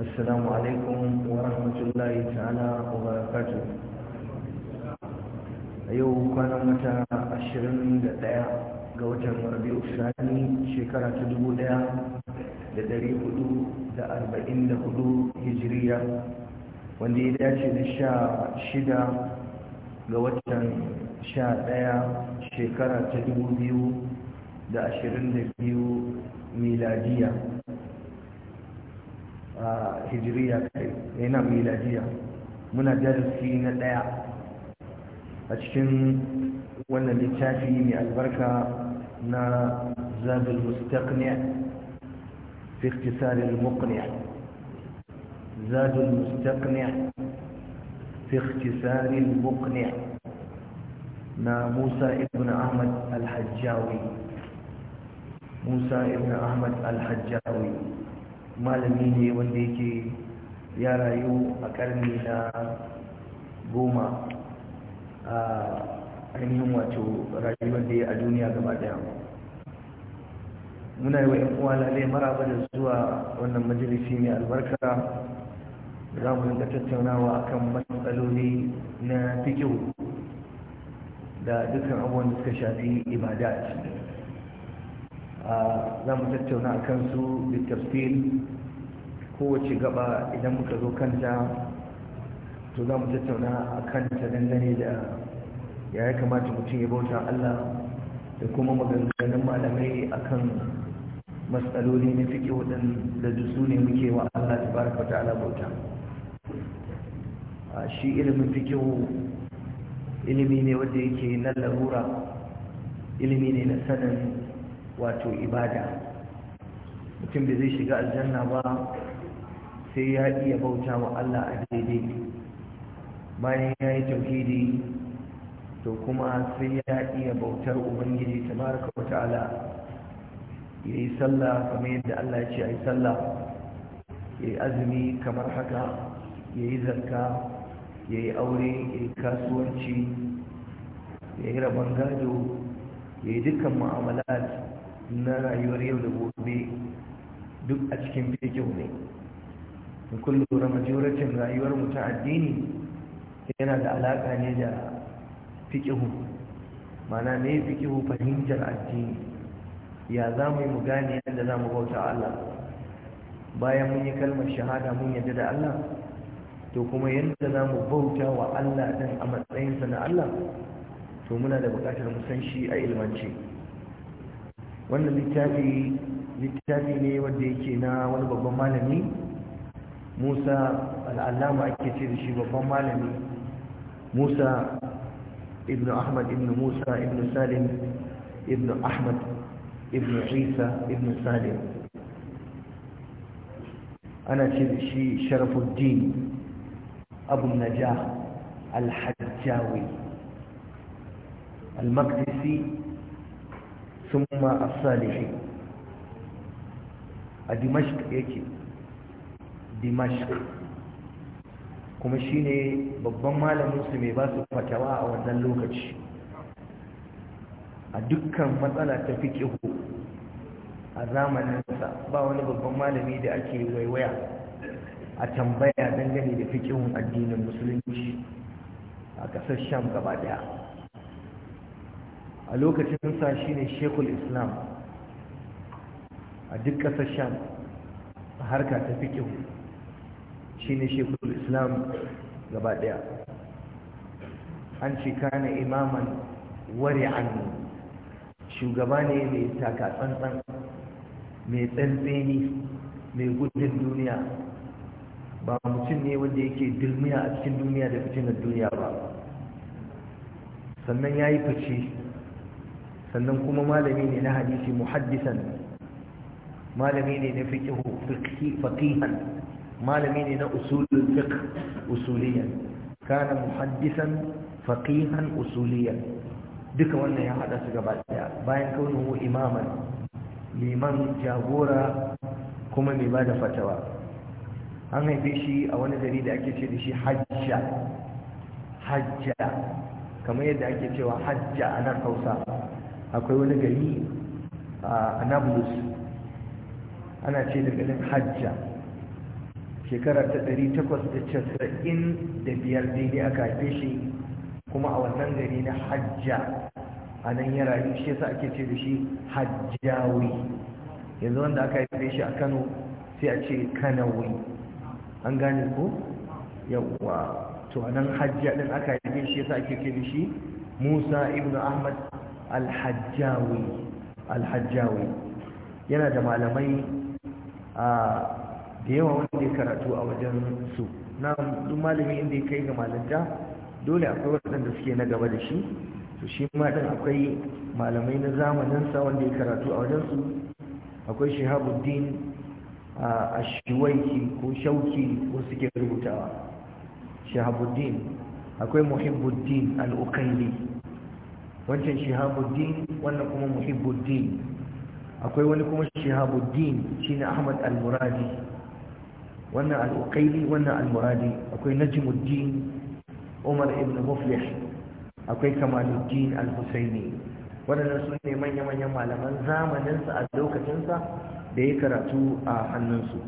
السلام عليكم ورحمة الله تعالى وبركاته أيوه كان متى أشرين دقيقة قوتا ربيع الثاني شكرا تدبو da dari hudu da arba'in da hudu hijiriya wanda ya dace da sha shida ga watan sha ɗaya shekara ta dubu biyu da ashirin da biyu miladiya hijiriya kai yana miladiya muna darasi na ɗaya a cikin wannan littafi mai albarka na zabin mustaqni fi iktisarin muqni zabin mustaqni في اختصار المقنع مع موسى ابن أحمد الحجاوي موسى ابن أحمد الحجاوي malami ne wanda yake ya rayu a karni na goma a ainihin wato rayuwar da a duniya gaba daya muna yi wa 'yan uwa lalai maraba da zuwa wannan majalisi mai albarka za mu rinka tattaunawa kan matsaloli na fikihu da dukkan abubuwan da suka shafi ibada a cikin za mu tattauna a kansu da tafsir kowace gaba idan muka zo kanta to za mu tattauna a kanta dangane da ya ya kamata mutum ya bauta Allah da kuma maganganun malamai a kan matsaloli na fiƙe waɗanda da su ne muke wa Allah ta baraka ta'ala bauta a shi ilimin fiƙe ilimi ne wanda yake na larura ilimi ne na sanin wato ibada mutum da zai shiga aljanna ba sai ya iya bauta wa Allah a daidai bayan ya yi tauhidi to kuma sai ya iya bautar ubangiji tabaraka wa ta'ala ya yi sallah kamar yadda Allah ya ce a yi sallah ya yi azumi kamar haka ya yi zarka ya yi aure ya yi kasuwanci ya yi rabon gado ya yi dukkan ma'amalat na rayuwar yau da gobe duk a cikin fikihu ne in kun lura majoratin rayuwar ta addini yana da alaƙa ne da fikihu mana ne fikihu fahimtar addini ya za mu yi mu gane yadda za mu bauta Allah bayan mun yi kalmar shahada mun yadda da Allah to kuma yadda za mu bauta wa Allah ɗin a matsayinsa na Allah to muna da buƙatar mu a ilmance wannan littafi littafi ne wanda yake na wani babban malami musa al'allama ake ce da shi babban malami musa ibn ahmad ibn musa ibn salim ibn ahmad ibn isa ibn salim ana ce da shi sharafuddin abu najah al-hajjawi al-maqdisi ثم الصالحين دمشق yake دمشق kuma shine babban malamin su mai ba su fatawa a wannan lokaci a dukkan matsala ta fiqihu a zamanin sa ba wani babban malami da ake waiwaya a tambaya dangane da fiqihun addinin musulunci a kasar Sham gaba daya a lokacin sa ne shekul islam a duk ƙasar sham a harka ta fi kyau ne shekul islam gaba ɗaya an ce kana imaman wari'an shugaba ne mai taka tsantsan mai tsantseni mai gudun duniya ba mutum ne wanda yake dulmiya a cikin duniya da fitinar duniya ba sannan ya yi fice sannan kuma malami ne na hadisi muhaddisan malami ne na fiqh faqihan malami ne na usulul fiqh usuliyan kana muhaddisan faqihan usuliyan duka wannan ya hada su gaba daya bayan kaunuhu imaman liman jagora kuma mai bada fatawa an haife shi a wani gari da ake ce da shi hajja hajja kamar yadda ake cewa hajja a nan hausa akwai wani gari a anablus ana ce da ganin hajja shekara ta 895 daidai aka haife shi kuma a wannan gari na hajja a nan ya rayu shi yasa ake ce da shi hajjawi yanzu wanda aka haife shi a kano sai a ce kanawi an gane ko yawwa to a nan hajja din aka haife shi yasa ake ce da shi musa ibn ahmad alhajjawi alhajjawi yana da malamai da yawa wanda ya karatu a wajen su na malami inda ya kai ga malanta dole akwai waɗanda suke na gaba da shi to shi ɗin akwai malamai na zamaninsa wanda ya karatu a wajen su akwai shihabuddin a shiwaiki ko shauki ko suke rubutawa shihabuddin akwai muhibbuddin al'ukaili wancan shihabuddin wannan kuma muhibbuddin akwai wani kuma shihabuddin shine ahmad al-muradi wannan al-uqayli wannan al-muradi akwai najmuddin umar ibn muflih akwai kamaluddin al-husaini waɗannan su ne manya-manyan malaman zamanin sa a lokacin sa da ya karatu a hannunsu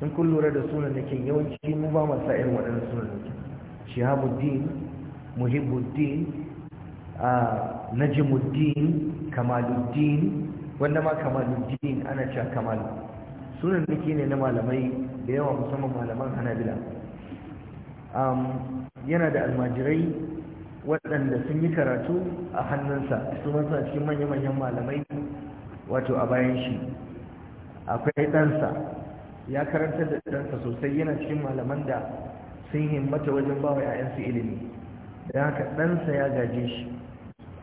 in kun lura da sunan nakin yawanci mu ba masa irin waɗannan sunan nakin shihabuddin muhibbuddin najimuddin kamaluddin wanda ma kamaluddin ana cewa kamal sunan nake ne na malamai da yawa musamman malaman hanabila yana da almajirai waɗanda sun yi karatu a hannunsa su masu cikin manya-manyan malamai wato a bayan shi akwai ɗansa ya karanta da ɗansa sosai yana cikin malaman da sun himmata wajen bawa 'ya'yansu ilimi da haka ɗansa ya gaje shi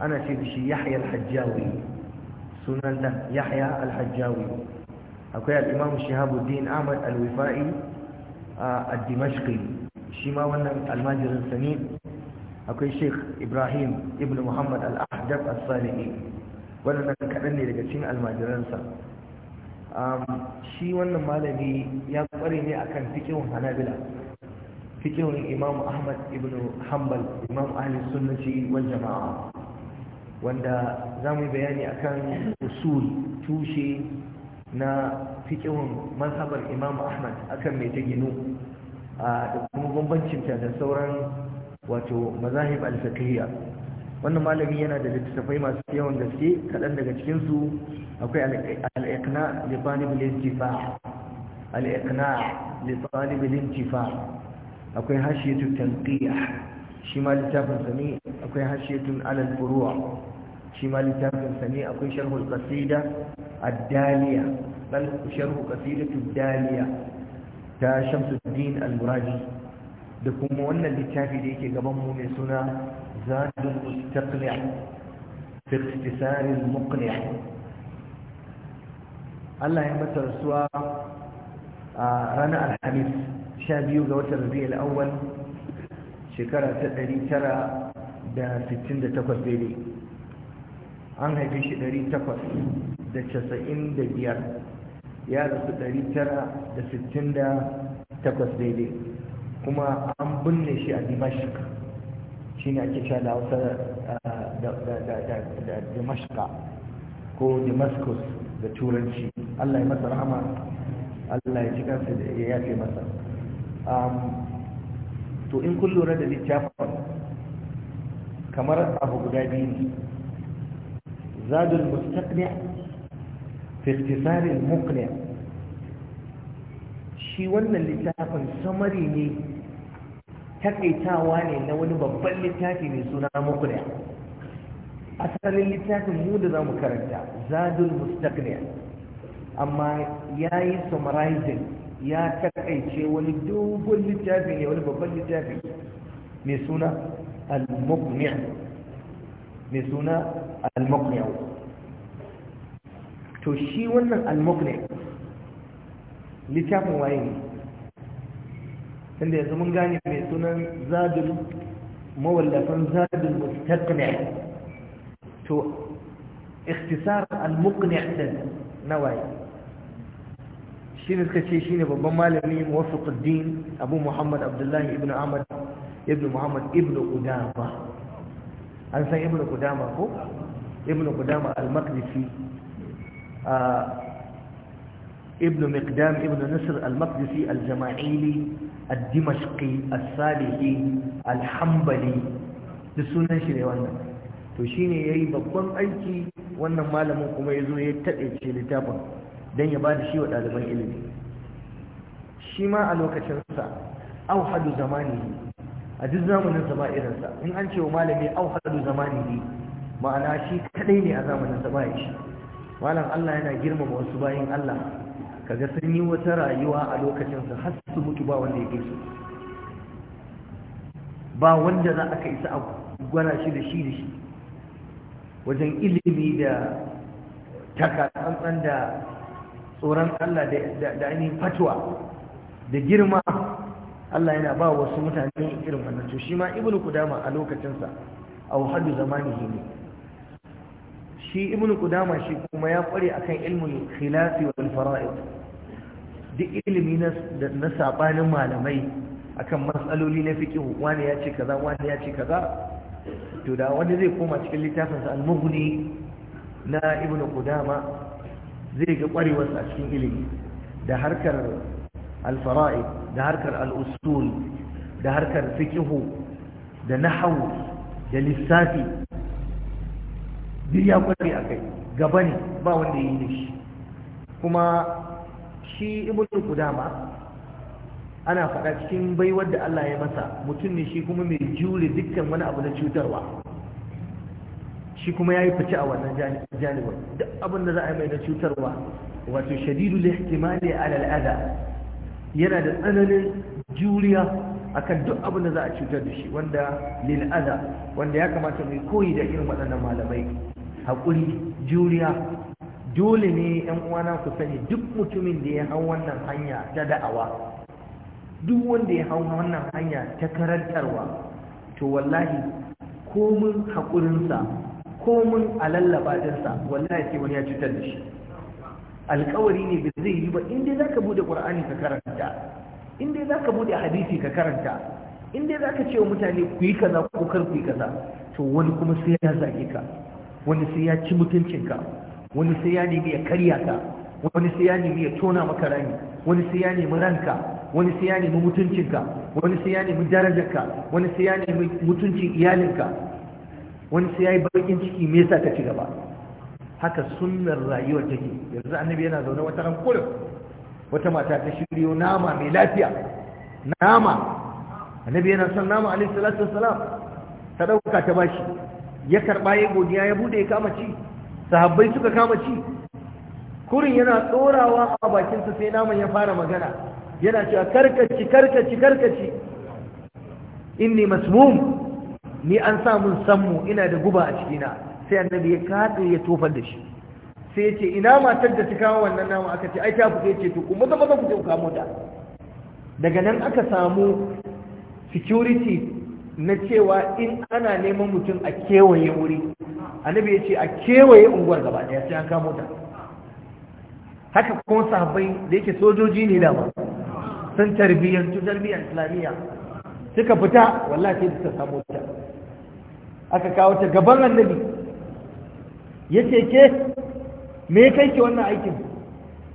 ana ce da shi yahya al-hajjawi sunan nan yahya al-hajjawi akwai al-imam shihabuddin ahmad al-wifa'i a dimashqi shi ma wannan almajirin sani akwai sheikh ibrahim ibn muhammad al-ahdaf as-salihi wannan kadan ne daga cikin almajiransa shi wannan malami ya kware ne akan fikihun hanabila fikihun imam ahmad ibn hanbal imam ahli sunnati wal jama'a wanda za mu yi bayani a kan usul tushe na fikihun mazhabar imam ahmad akan mai ta ginu da kuma bambancinta da sauran wato mazahib al wannan malami yana da littattafai masu yawan gaske kaɗan daga cikinsu akwai al'aikana iqna li bilin al-intifa al-iqna bilin akwai hashiyatu tanqiyah shi ma littafinsa ne akwai hashetun alal furuwa shi ma littafinsa ne akwai sharhul qasida ad-daliya bal sharhu qasidatu ad-daliya ta Shamsuddin al-Muraji da kuma wannan littafi da yake gaban mu mai suna Zadul Mustaqli' fi ikhtisar al-muqni' Allah ya masa rasuwa a ranar Alhamis 12 ga watan Rabiul Awwal shekara ta 968 daidai an haife shi 895 ya rasu 968 daidai kuma an binne shi a dimashik shi ne ake sha da hausa da dimashika ko damascus da turanci allah ya masa rahama allah ya ci kansa da ya fi masa um, to in kun lura da littafin kamar abu guda biyu ne zadul mustaqni fi muqni shi wannan littafin samari ne takaitawa ne na wani babban littafi mai suna muqni asalin littafin mu da zamu karanta zadul mustaqni amma yayi summarizing ya takaice wani dogon littafi ne wani babban littafi mai suna al-muqni' mai suna al-muqni' to shi wannan al-muqni' littafin waye ne tunda yanzu mun gane mai sunan zadul mawallafan zadul mustaqni' to ikhtisar al-muqni' din nawaye shi ne suka ce shi ne babban malami muwafiquddin abu muhammad abdullahi ibn ahmad ibn muhammad ibn qudama an san ibn qudama ko ibn qudama al-maqdisi ابن مقدام ابن نصر dimashqi الجماعيلي الدمشقي الصالحي الحنبلي da sunan shi ne wannan to shi ne ya yi babban aiki wannan malamin kuma ya zo ya taɗaice littafin don ya ba da shi wa ɗaliban ilimi shi ma a lokacinsa au hadu zamani a duk zamanin sa ba irinsa in an ce wa malami au hadu zamani ma'ana shi kadai ne a zamanin sa ba shi malam Allah yana girmama wasu bayin Allah kaga sun yi wata rayuwa a lokacinsa har su mutu ba wanda ya su ba wanda za a kai sa a gwana shi da shi da shi wajen ilimi da takatsantsan da tsoron Allah da ainihin fatwa da girma Allah yana ba wasu mutane irin wannan to shi ma ibnu kudama a lokacinsa a wahadu zamanihi ne shi ibnu kudama shi kuma ya kware akan ilmul khilafi wal fara'id duk ilimi na sabanin malamai akan matsaloli na fiqh wani ya ce kaza wani ya ce kaza to da wani zai koma cikin littafinsa al-mughni na ibnu kudama zai ga kwarewarsa a cikin ilimi da harkar alfara'i da harkar al'usul da harkar fikihu da nahawu da lissafi duk ya kware a kai gaba ne ba wanda ya yi da shi kuma shi ibnu kudama ana faɗa cikin baiwar da Allah ya masa mutum ne shi kuma mai jure dukkan wani abu na cutarwa shi kuma ya yi fice a wannan janibar. duk abin da za a yi mai da cutarwa wato shadidu lihtimali a al'ada yana da tsananin juriya akan duk abin da za a cutar da shi wanda lil'ada wanda ya kamata mai koyi da irin waɗannan malamai Haƙuri, juriya dole ne yan uwana ku sani duk mutumin da ya hau wannan hanya ta da'awa duk wanda ya hau wannan hanya ta karantarwa to wallahi komin haƙurinsa komun a lallaba dinsa wallahi sai wani ya cutar da shi alkawari ne bai zai yi ba inda za ka bude ƙwar'ani ka karanta inda za ka bude hadisi ka karanta inda za ka ce wa mutane ku yi kaza ko kar ku yi kaza to wani kuma sai ya zage ka wani sai ya ci mutuncinka wani sai ya nemi ya karya ka wani sai ya nemi ya tona maka rani wani sai ya nemi ranka wani sai ya nemi mutuncinka wani sai ya nemi darajarka wani sai ya nemi mutuncin iyalinka wani sai ya yi bakin ciki me yasa ka ci gaba haka sunnar rayuwar take yanzu annabi yana zaune wata ran kullum wata mata ta shiryo nama mai lafiya nama annabi yana son nama alaihi salatu wassalam ta dauka ta bashi ya karba ya godiya ya buɗe ya kama ci sahabbai suka kama ci kurin yana tsorawa a bakinsa sai naman ya fara magana yana cewa karkaci karkaci karkaci inni masmum ni an sa mun sammu ina da guba a cikina sai annabi ya kaɗe ya tofar da shi sai ya ce ina matar da ta kawo wannan nama aka ce ai ta fuke ce to kuma zama zan je ku kamo daga nan aka samu security na cewa in ana neman mutum a kewaye wuri annabi ya ce a kewaye unguwar gaba daya sai an kamo mota. haka kuma sahabbai da yake sojoji ne dama sun tarbiyyantu tarbiyyar islamiyya suka fita wallahi sai suka samu mota. aka kawo ta gaban annabi ya ce ke me kai ke wannan aikin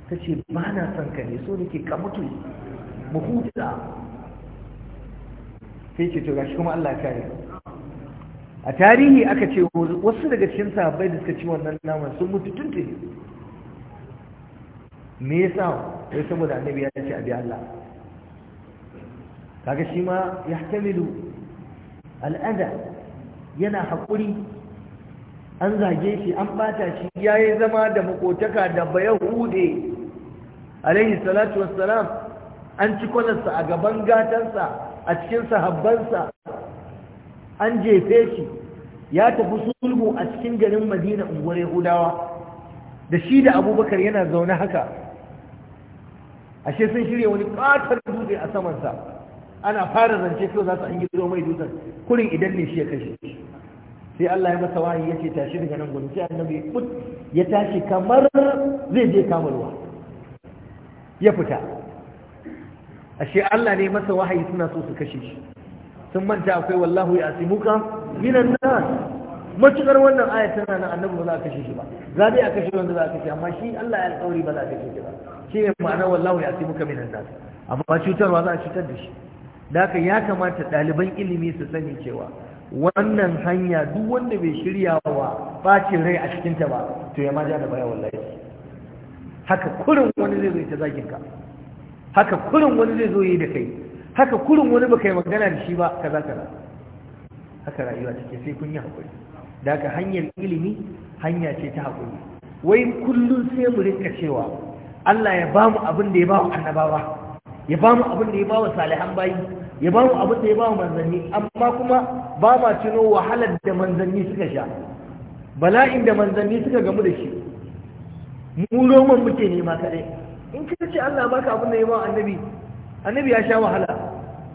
ta ce ba na son ka ne so nake ka mutu mu huta sai ce to gashi kuma Allah ya kare a tarihi aka ce wasu daga cikin sahabbai da suka ci wannan naman sun mutu tunte me yasa sai saboda annabi ya ce abi Allah kaga shi ma yahtamilu al'ada yana haƙuri an zage shi an bata shi ya yi zama da makotaka da bayahude alaihi salatu wassalam an ci kwanarsa a gaban gatansa a cikin sahabbansa an jefe shi ya tafi sulhu a cikin garin madina unguwar yahudawa da shi da abubakar yana zaune haka ashe sun shirya wani ƙatar dutse a samansa ana fara zance kyau za su an gizo mai dutsen kurin idan ne shi ya kashe sai Allah ya masa wahayi yace tashi daga nan gurin sai annabi put ya tashi kamar zai je kama ya fita ashe Allah ne masa wahayi suna so su kashe shi sun manta akwai wallahu ya asimuka minan nas matukar wannan aya tana nan annabi ba za a kashe shi ba za a kashe wanda za a kashe amma shi Allah ya alƙawari ba za a kashe shi ba shi ne ma'ana wallahu ya asimuka minan nas amma cutarwa za a cutar da shi da haka ya kamata ɗaliban ilimi su sani cewa wannan hanya duk wanda bai shirya wa bacin rai a cikinta ba to ya ma ja da baya wallahi haka kurin wani zai zo ta zagin ka haka kurin wani zai zo ya yi da kai haka kurin wani baka yi magana da shi ba kaza kaza haka rayuwa take sai kun yi hakuri da haka hanyar ilimi hanya ce ta hakuri wai kullun sai mu rinka cewa Allah ya bamu abin da ya bawa annabawa ya bamu abin da ya bawa salihan bayi ya ba mu abin da ya ba mu manzanni amma kuma ba ma tuno wahalar da manzanni suka sha bala'in da manzanni suka gamu da shi mu roman muke nema kare in ka ce Allah baka abin da ya ba annabi annabi ya sha wahala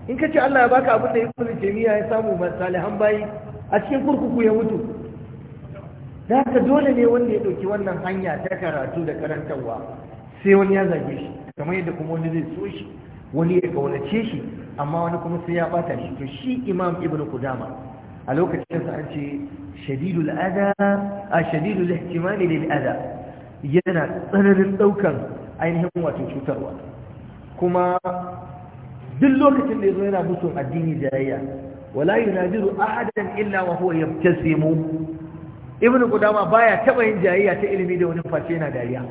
in ka ce Allah ya baka abin da ya kuma jami'a ya samu salihan bayi a cikin kurkuku ya mutu da haka dole ne wanda ya ɗauki wannan hanya ta karatu da karantarwa sai wani ya zage shi kamar yadda kuma wani zai so shi wani ya kaunace shi amma wani kuma sai ya bata shi to shi imam ibnu kudama a lokacin sa an ce shadidul adha a shadidul ihtimali lil adha yana tsananin daukan ainihin wato cutarwa kuma duk lokacin da yazo yana musun addini jayayya wala yunadiru ahadan illa wa huwa yabtasimu ibnu kudama baya taba yin jayayya ta ilimi da wani face yana dariya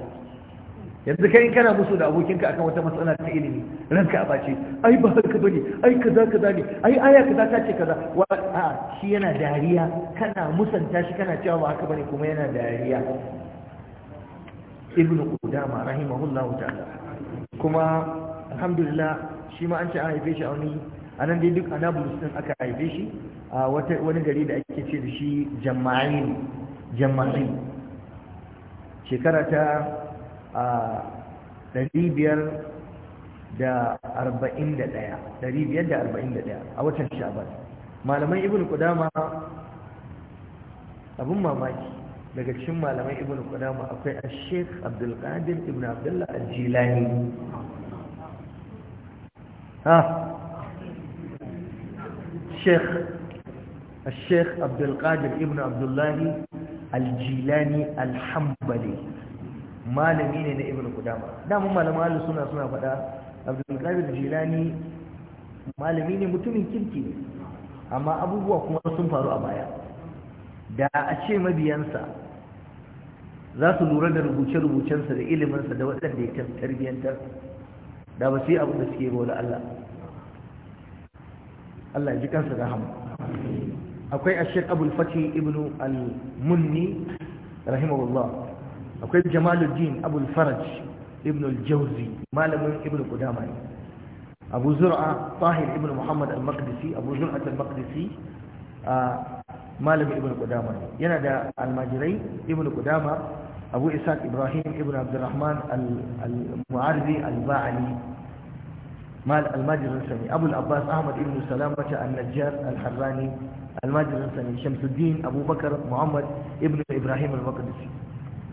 yanzu kai kana musu da abokinka akan wata matsala ta ilimi ranka a bace ai ba haka bane ai kaza kaza ne ai aya kaza ta ce kaza wa a shi yana dariya kana musanta shi kana cewa ba haka bane kuma yana dariya ibnu qudama rahimahullahu ta'ala kuma alhamdulillah shi ma an ce an haife shi a wani a nan dai duk anabulus din aka haife shi a wani gari da ake ce da shi jama'in jama'in shekara ta a 541 a watan shaban malaman ibn kudama abin mamaki daga cikin malaman ibn kudama akwai a sheik abdulkadir ibn abdullah al-jilani ha sheik الشيخ عبد القادر ابن عبد الله الجيلاني الحنبلي malami ne na ibn kudama damun malaman ahlus sunna suna faɗa abdul qadir jilani malami ne mutumin kirki amma abubuwa kuma sun faru a baya da a ce mabiyansa za su lura da rubuce-rubucensa da iliminsa da waɗanda ya tarbiyyantar da ba su yi abin da suke wani Allah Allah ji kansa da hamu akwai ashir abul fati ibn al-munni rahimahullah akwai jamaluddin abul faraj ibn al-jawzi malamin ibn qudama ne abu zur'a tahir ibn muhammad al-maqdisi abu zur'a al-maqdisi malamin ibn qudama ne yana da almajirai ibn qudama abu isaac ibrahim ibn abdurrahman al-mu'arzi al-ba'ali mal almajirin sani abu al-abbas ahmad ibn salamata an-najjar al-harrani almajirin sani shamsuddin abubakar muhammad ibn ibrahim al-maqdisi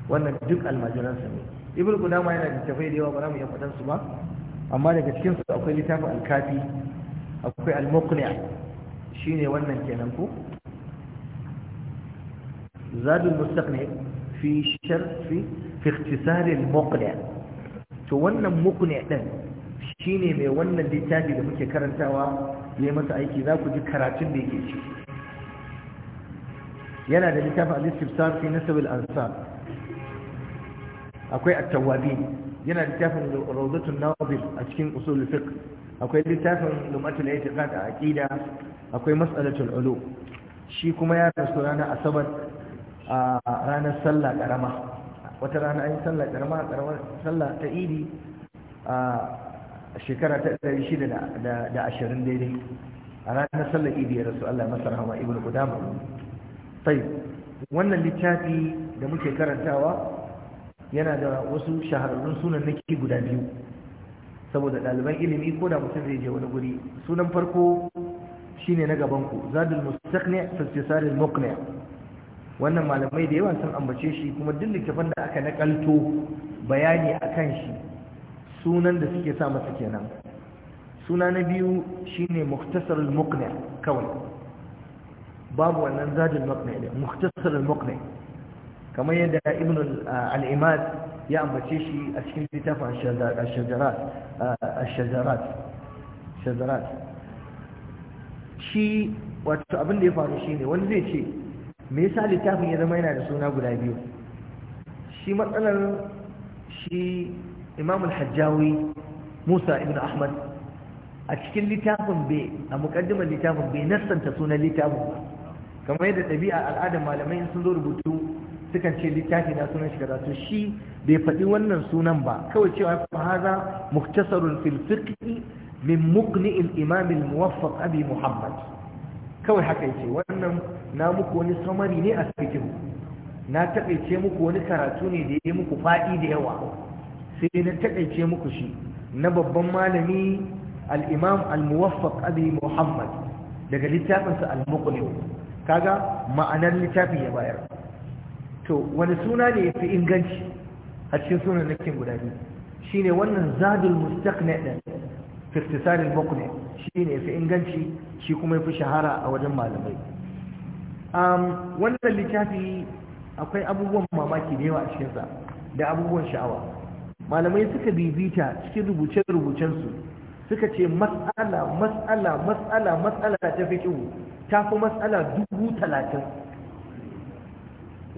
wannan duk almajiransa ne ibn qudama yana da tafai da yawa ba za mu iya faɗan su ba amma daga cikin su akwai littafin al-kafi akwai al-muqni' shine wannan kenan ko zadul mustaqni fi sharfi fi ikhtisar al-muqni' to wannan muqni' din shine mai wannan littafi da muke karantawa yayi masa aiki za ku ji karatun da yake ci yana da littafin al-istibsar fi nasab al-ansar akwai at-tawwabi yana littafin rawdatun nawabir a cikin usul fiqh akwai littafin lumatul i'tiqad a aqida akwai mas'alatul ulu shi kuma ya rasu ranar asabar a ranar sallah karama wata rana an yi sallah karama karamar sallah ta idi a shekara ta 620 daidai a ranar sallah idi ya rasu Allah masar hama ibn Qudama sai wannan littafi da muke karantawa yana da wasu shahararrun sunan na ke guda biyu saboda ɗaliban ilimi ko da mutum zai je wani guri sunan farko shine na gaban ku zadul mustaqni fi muqni wannan malamai da yawa sun ambace shi kuma duk littafin da aka nakalto bayani akan shi sunan da suke sa masa kenan suna na biyu shine ne muqni kawai babu wannan zadul muqni ne muqni kamar yadda ibn al-imad ya ambace shi a cikin littafin uh, shajarat shi wato abin da ya faru shi ne wani zai ce me yasa littafin ya zama yana da suna guda biyu shi matsalar shi imam al-hajjawi musa ibn ahmad a cikin littafin bai a mukaddimar littafin bai nassanta sunan littafin ba kamar yadda ɗabi'a al'adar malamai sun zo rubutu sukan ce littafi na sunan shi kaza shi bai faɗi wannan sunan ba kawai cewa fa haza muktasarun fil fiqhi min muqni al imam al muwaffaq abi muhammad kawai haka yace wannan na muku wani samari ne a fiqh na taƙaice muku wani karatu ne da ya muku faɗi da yawa sai na taƙaice muku shi na babban malami al-imam al-muwaffaq abi muhammad daga littafinsa al-muqni kaga ma'anar littafin ya bayar to wani suna ne ya fi inganci a cikin sunan nakin guda biyu shine wannan zadul mustaqna da firtisal al shi shine ya fi inganci shi kuma ya fi shahara a wajen malamai wannan littafi akwai abubuwan mamaki da yawa a cikinsa, da abubuwan sha'awa malamai suka bibita cikin rubuce rubucensu suka ce mas'ala mas'ala mas'ala matsala ta fiqh ta fi mas'ala dubu talatin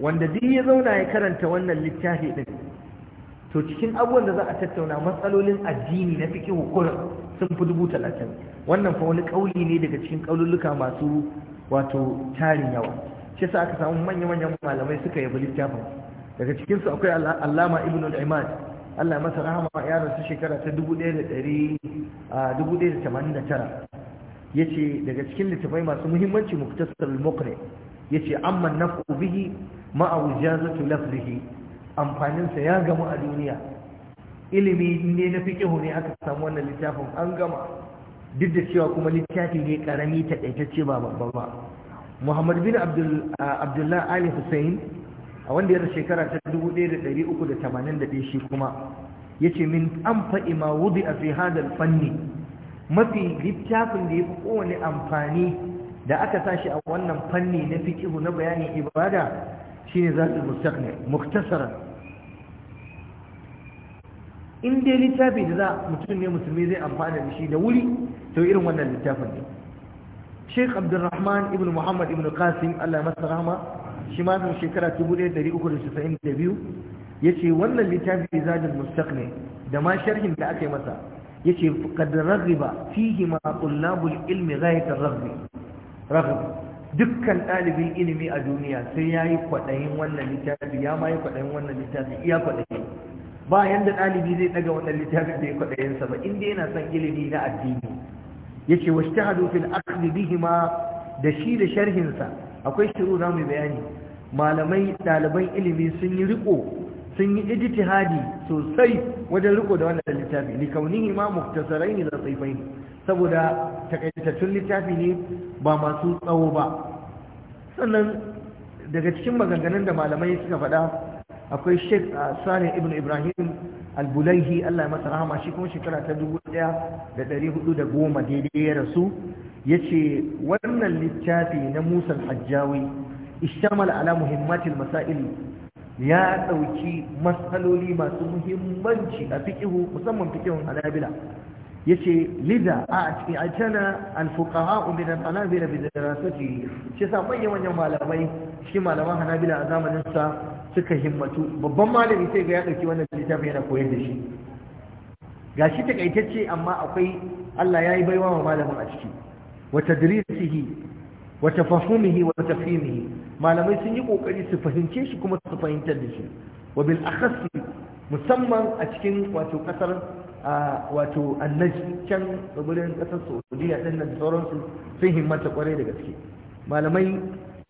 wanda duk ya zauna ya karanta wannan littafi din to cikin abubuwan da za a tattauna matsalolin addini na fiqh ko sun fi dubu talatin wannan fa wani kauli ne daga cikin kaululluka masu wato tarin yawa shi yasa aka samu manya-manyan malamai suka yabi littafin daga cikin su akwai Allama Ibn al-Imad Allah ya masa rahama ya rasu shekara ta 1189 yace daga cikin littafai masu muhimmanci Muktasar al-Muqri yace amma nafu bihi ma awjazatu lafzihi amfanin sa ya gamu a duniya ilimi ne na fiqh ne aka samu wannan littafin an gama duk da cewa kuma littafi ne karami ta daitacce ba babba ba Muhammad bin Abdul Abdullah Ali Hussein a wanda ya shekara ta 1381 shi kuma yace min amfa ima wudi fi hadal fanni mafi littafin da ya fi kowane amfani da aka sashi a wannan fanni na fikihu na bayanin ibada shine zatul mustaqni mukhtasaran in dai littafi da za mutum ne musulmi zai amfana da shi da wuri to irin wannan littafin ne Sheikh Abdulrahman ibn Muhammad ibn Qasim Allah masa rahama shi ma zan shekara 1392 yace wannan littafi zatul mustaqni da ma sharhin da aka yi masa yace qad raghiba fihi ma tullabul ilmi ghayat ar-raghbi raghab dukkan ɗalibin ilimi a duniya sai ya yi kwaɗayin wannan littafi ya ma yi kwaɗayin wannan littafi iya kwaɗayi ba yanda ɗalibi zai ɗaga wannan littafin da ya kwaɗayinsa ba inda yana son ilimi na addini ya ce wasu ta hadu fil akhdhi da shi da sharhinsa akwai shiru za mu bayani malamai ɗaliban ilimi sun yi riko sun yi ijtihadi sosai wajen riko da wannan littafi likaunihi ma muktasarai ne da tsaifai saboda takaitattun littafi ne ba masu tsawo ba sannan daga cikin maganganun da malamai suka faɗa akwai sheikh salih ibn ibrahim albulaihi allah ya masa rahama shi kuma shekara ta dubu ɗaya da ɗari hudu da goma daidai ya rasu ya ce wannan littafi na musan hajjawi ishtamal ala muhimmatin masail ya ɗauki matsaloli masu muhimmanci a fikihu musamman fikihun hanabila yace lida a cikin ajana alfuqaha min al-hanabila bi dirasati shi sa manyan manyan malamai shi malaman hanabila a zamanin sa suka himmatu babban malami sai ga ya dauki wannan littafin yana koyar da shi gashi takaitacce amma akwai Allah yayi baiwa wa malamin a ciki wa tadrisihi wa tafahumihi wa tafhimihi malamai sun yi kokari su fahimce shi kuma su fahimtar da shi wa bil akhas musamman a cikin wato kasar a wato annaji can tsibirin ƙasar saudiya ɗin nan sauransu sun himmata kwarai da gaske malamai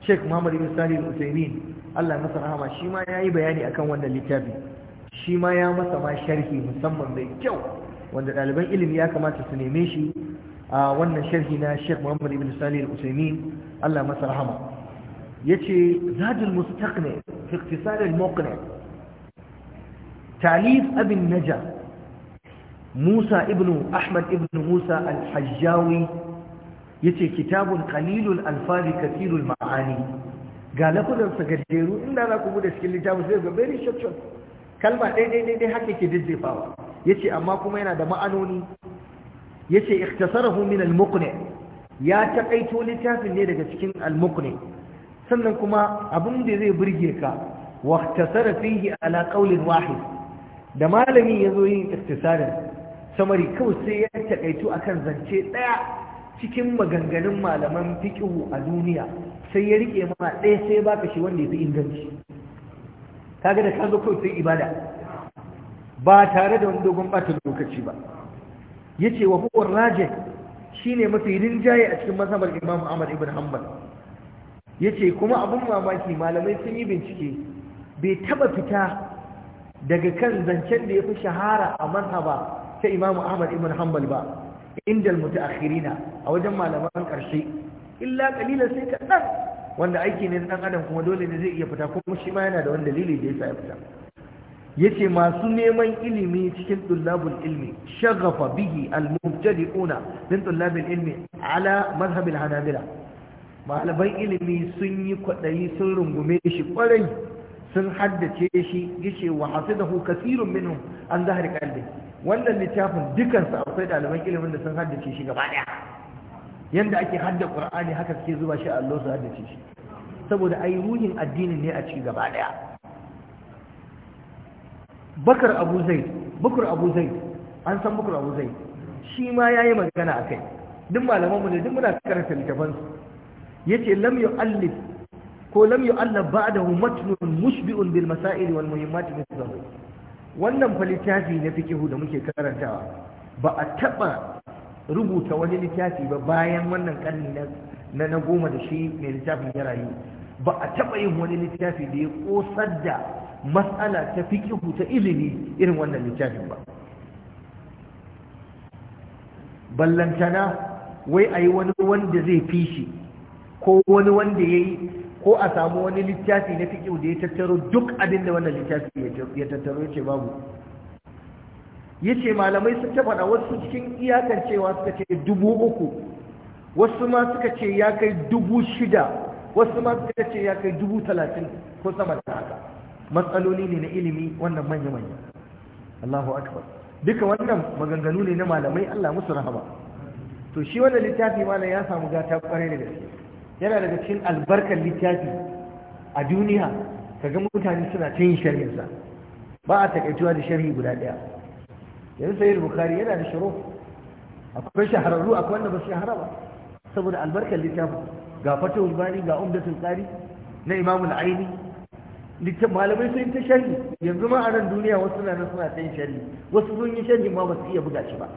sheikh muhammad ibn salih usaimin allah masa rahama shi ma ya yi bayani akan wannan littafi shi ma ya masa ma sharhi musamman mai kyau wanda ɗaliban ilimi ya kamata su neme shi a wannan sharhi na sheikh muhammad ibn salih usaimin allah masa rahama ya ce zadul mustaqni fi iktisar al-muqni talif abin najah Musa ibn Ahmad ibn Musa al-Hajjawi yace kitabun qalilul alfari kathirul ma'ani ga lafazan sa gajeru inda za ku bude cikin littafin sai ga very short short kalma dai dai dai haka ke diddefawa yace amma kuma yana da ma'anoni yace ikhtasarahu min al-muqni ya taƙaito littafin ne daga cikin al-muqni sannan kuma abin da zai burge ka wa ikhtasara fihi ala qawlin wahid da malami yazo yin ikhtisarin samari kawai sai ya taƙaitu kan zance ɗaya cikin maganganun malaman fiƙihu a duniya sai ya riƙe ma ɗaya sai ya baka shi wanda ya fi inganci kaga da ka zo kawai sai ibada ba tare da wani dogon ɓata lokaci ba ya ce wa huwar raje shi ne mafi rinjaye a cikin mazhabar imam ahmad ibn hanbal ya ce kuma abin mamaki malamai sun yi bincike bai taɓa fita daga kan zancen da ya fi shahara a mazhaba ta imamu ahmad ibn hanbal ba indal mutaakhirina a wajen malaman karshe illa qalila sai kadan wanda aiki ne dan adam kuma dole ne zai iya fita kuma shi ma yana da wani dalili da yasa ya fita yace masu neman ilimi cikin dullabul ilmi shaghafa bihi al-mubtadi'una min tullabil ilmi ala madhhab al-hanabila malaman ilimi sun yi kwadayi sun rungume shi kwarai sun haddace shi yace wa hasidahu kathirun minhum an zahri qalbi wannan littafin dukansu akwai ɗaliban ilimin da sun haddace shi gaba ɗaya yadda ake hadda ƙur'ani haka suke zuba shi a su haddace shi saboda a yi ruhin addini ne a ciki gaba ɗaya bakar abu zai bakar abu zai an san bakar abu zai shi ma ya yi magana a kai duk malamanmu ne duk muna karanta littafansu ya ce lam yu'allif ko lam yu'allaf ba'dahu matnun mushbi'un bil masail wal muhimmat mithlahu wannan fa littafi na fikihu da muke karantawa ba a taɓa rubuta wani littafi ba bayan wannan ƙarni na na goma da shi mai littafin ya rayu ba a taɓa yin wani littafi da ya ƙosar da matsala ta fikihu ta ilimi irin wannan littafin ba ballantana wai a yi wani wanda zai fi shi ko wani wanda ya yi ko a samu wani littafi na fiƙi da ya tattaro duk abin da wannan littafi ya tattaro ce babu ce malamai sun taɓa da wasu cikin iyakar cewa suka ce dubu uku wasu ma suka ce ya kai dubu shida wasu ma suka ce ya kai dubu talatin ko sama da haka matsaloli ne na ilimi wannan manya-manya Allahu akbar duka wannan maganganu ne na malamai Allah musu rahama to shi wannan littafi malam ya samu gata kwarai da gaske yana daga cikin albarkar littafi a duniya kaga mutane suna ta yin shari'arsa. ba a takaituwa da sharhi guda ɗaya yanzu da bukari yana da shiro akwai shahararru akwai wanda ba su shahara ba saboda albarkar littafi ga fatawul bani ga umdatul tsari na imamu al-aini littafin malamai sun yi ta sharhi yanzu ma a nan duniya wasu na suna ta yin sharhi wasu sun yi sharhi ma ba su iya buga shi ba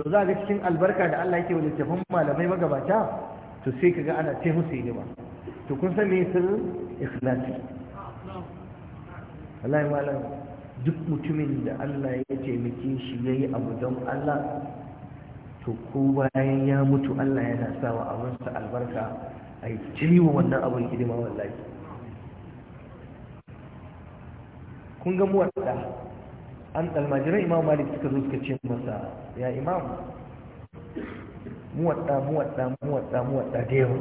to za a ga cikin albarka da Allah yake wa littafin malamai magabata to sai kaga ana ce musu ba to kun san me sun ikhlasi wallahi malam duk mutumin da Allah ya taimake shi yayi abu don Allah to ko bayan ya mutu Allah yana sawa abinsa albarka a yi ciwo wannan abin hidima wallahi kun ga mu wadda an almajiran imam malik suka zo suka ce masa ya imam muwadda muwadda muwadda muwadda da yawa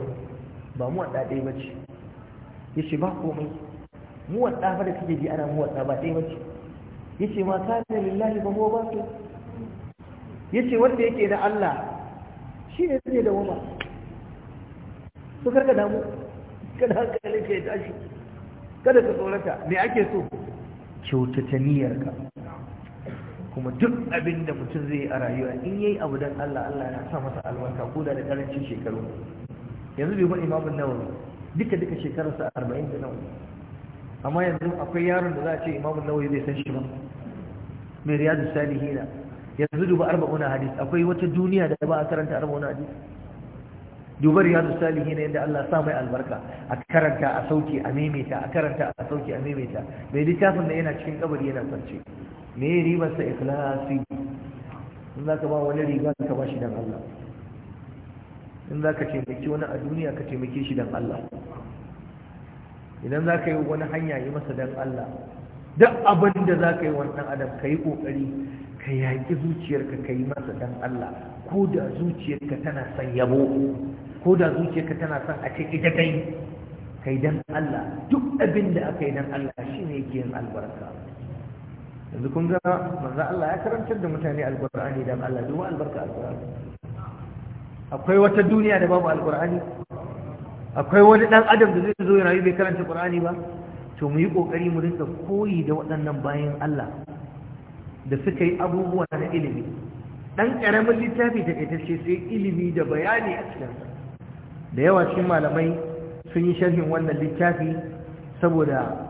ba muwadda ɗaya ba ce ya ce ba komai muwadda ba da suke ji ana muwadda ba ɗaya ba ce ya ce ma kane lillahi ba kuma ba su ya ce wanda yake da Allah shi ne zai da wama su karka damu kada hankalin ka ya tashi kada ka tsorata me ake so kyautata niyyarka kuma duk abin da mutum zai yi a rayuwa in yi abu don Allah Allah na sa masa albarka ko da da karancin shekaru yanzu bai ba imamun nawa duka duka shekararsa arba'in da nawa amma yanzu akwai yaron da za a ce imamun nawa bai san shi ba mai riyadu salihina yanzu duba na hadis akwai wata duniya da ba a karanta arba'una hadis duba riyadu salihina yadda Allah sa mai albarka a karanta a sauki a maimaita a karanta a sauki a maimaita mai littafin da yana cikin kabari yana kwance me ya riba sa ikhlasi in za ka ba wani riga ka ba shi dan Allah in za ka taimaki wani a duniya ka taimake shi dan Allah idan za ka yi wani hanya yi masa dan Allah duk abin da za ka yi wannan adam ka yi ƙoƙari ka yaƙi zuciyarka ka yi masa dan Allah ko da zuciyarka tana son yabo ko da zuciyarka tana son a cikin ita kai kai dan Allah duk abin da aka yi dan Allah shine yake yin albarka yanzu kun ga manzo Allah ya karantar da mutane alqur'ani da Allah duk albarka alqur'ani akwai wata duniya da babu alkur'ani akwai wani dan adam da zai zo ya rayu bai karanta qur'ani ba to mu yi kokari mu rinka koyi da waɗannan bayan Allah da suka yi abubuwa na ilimi dan karamin littafi da kaitacce sai ilimi da bayani a cikin da yawa cikin malamai sun yi sharhin wannan littafi saboda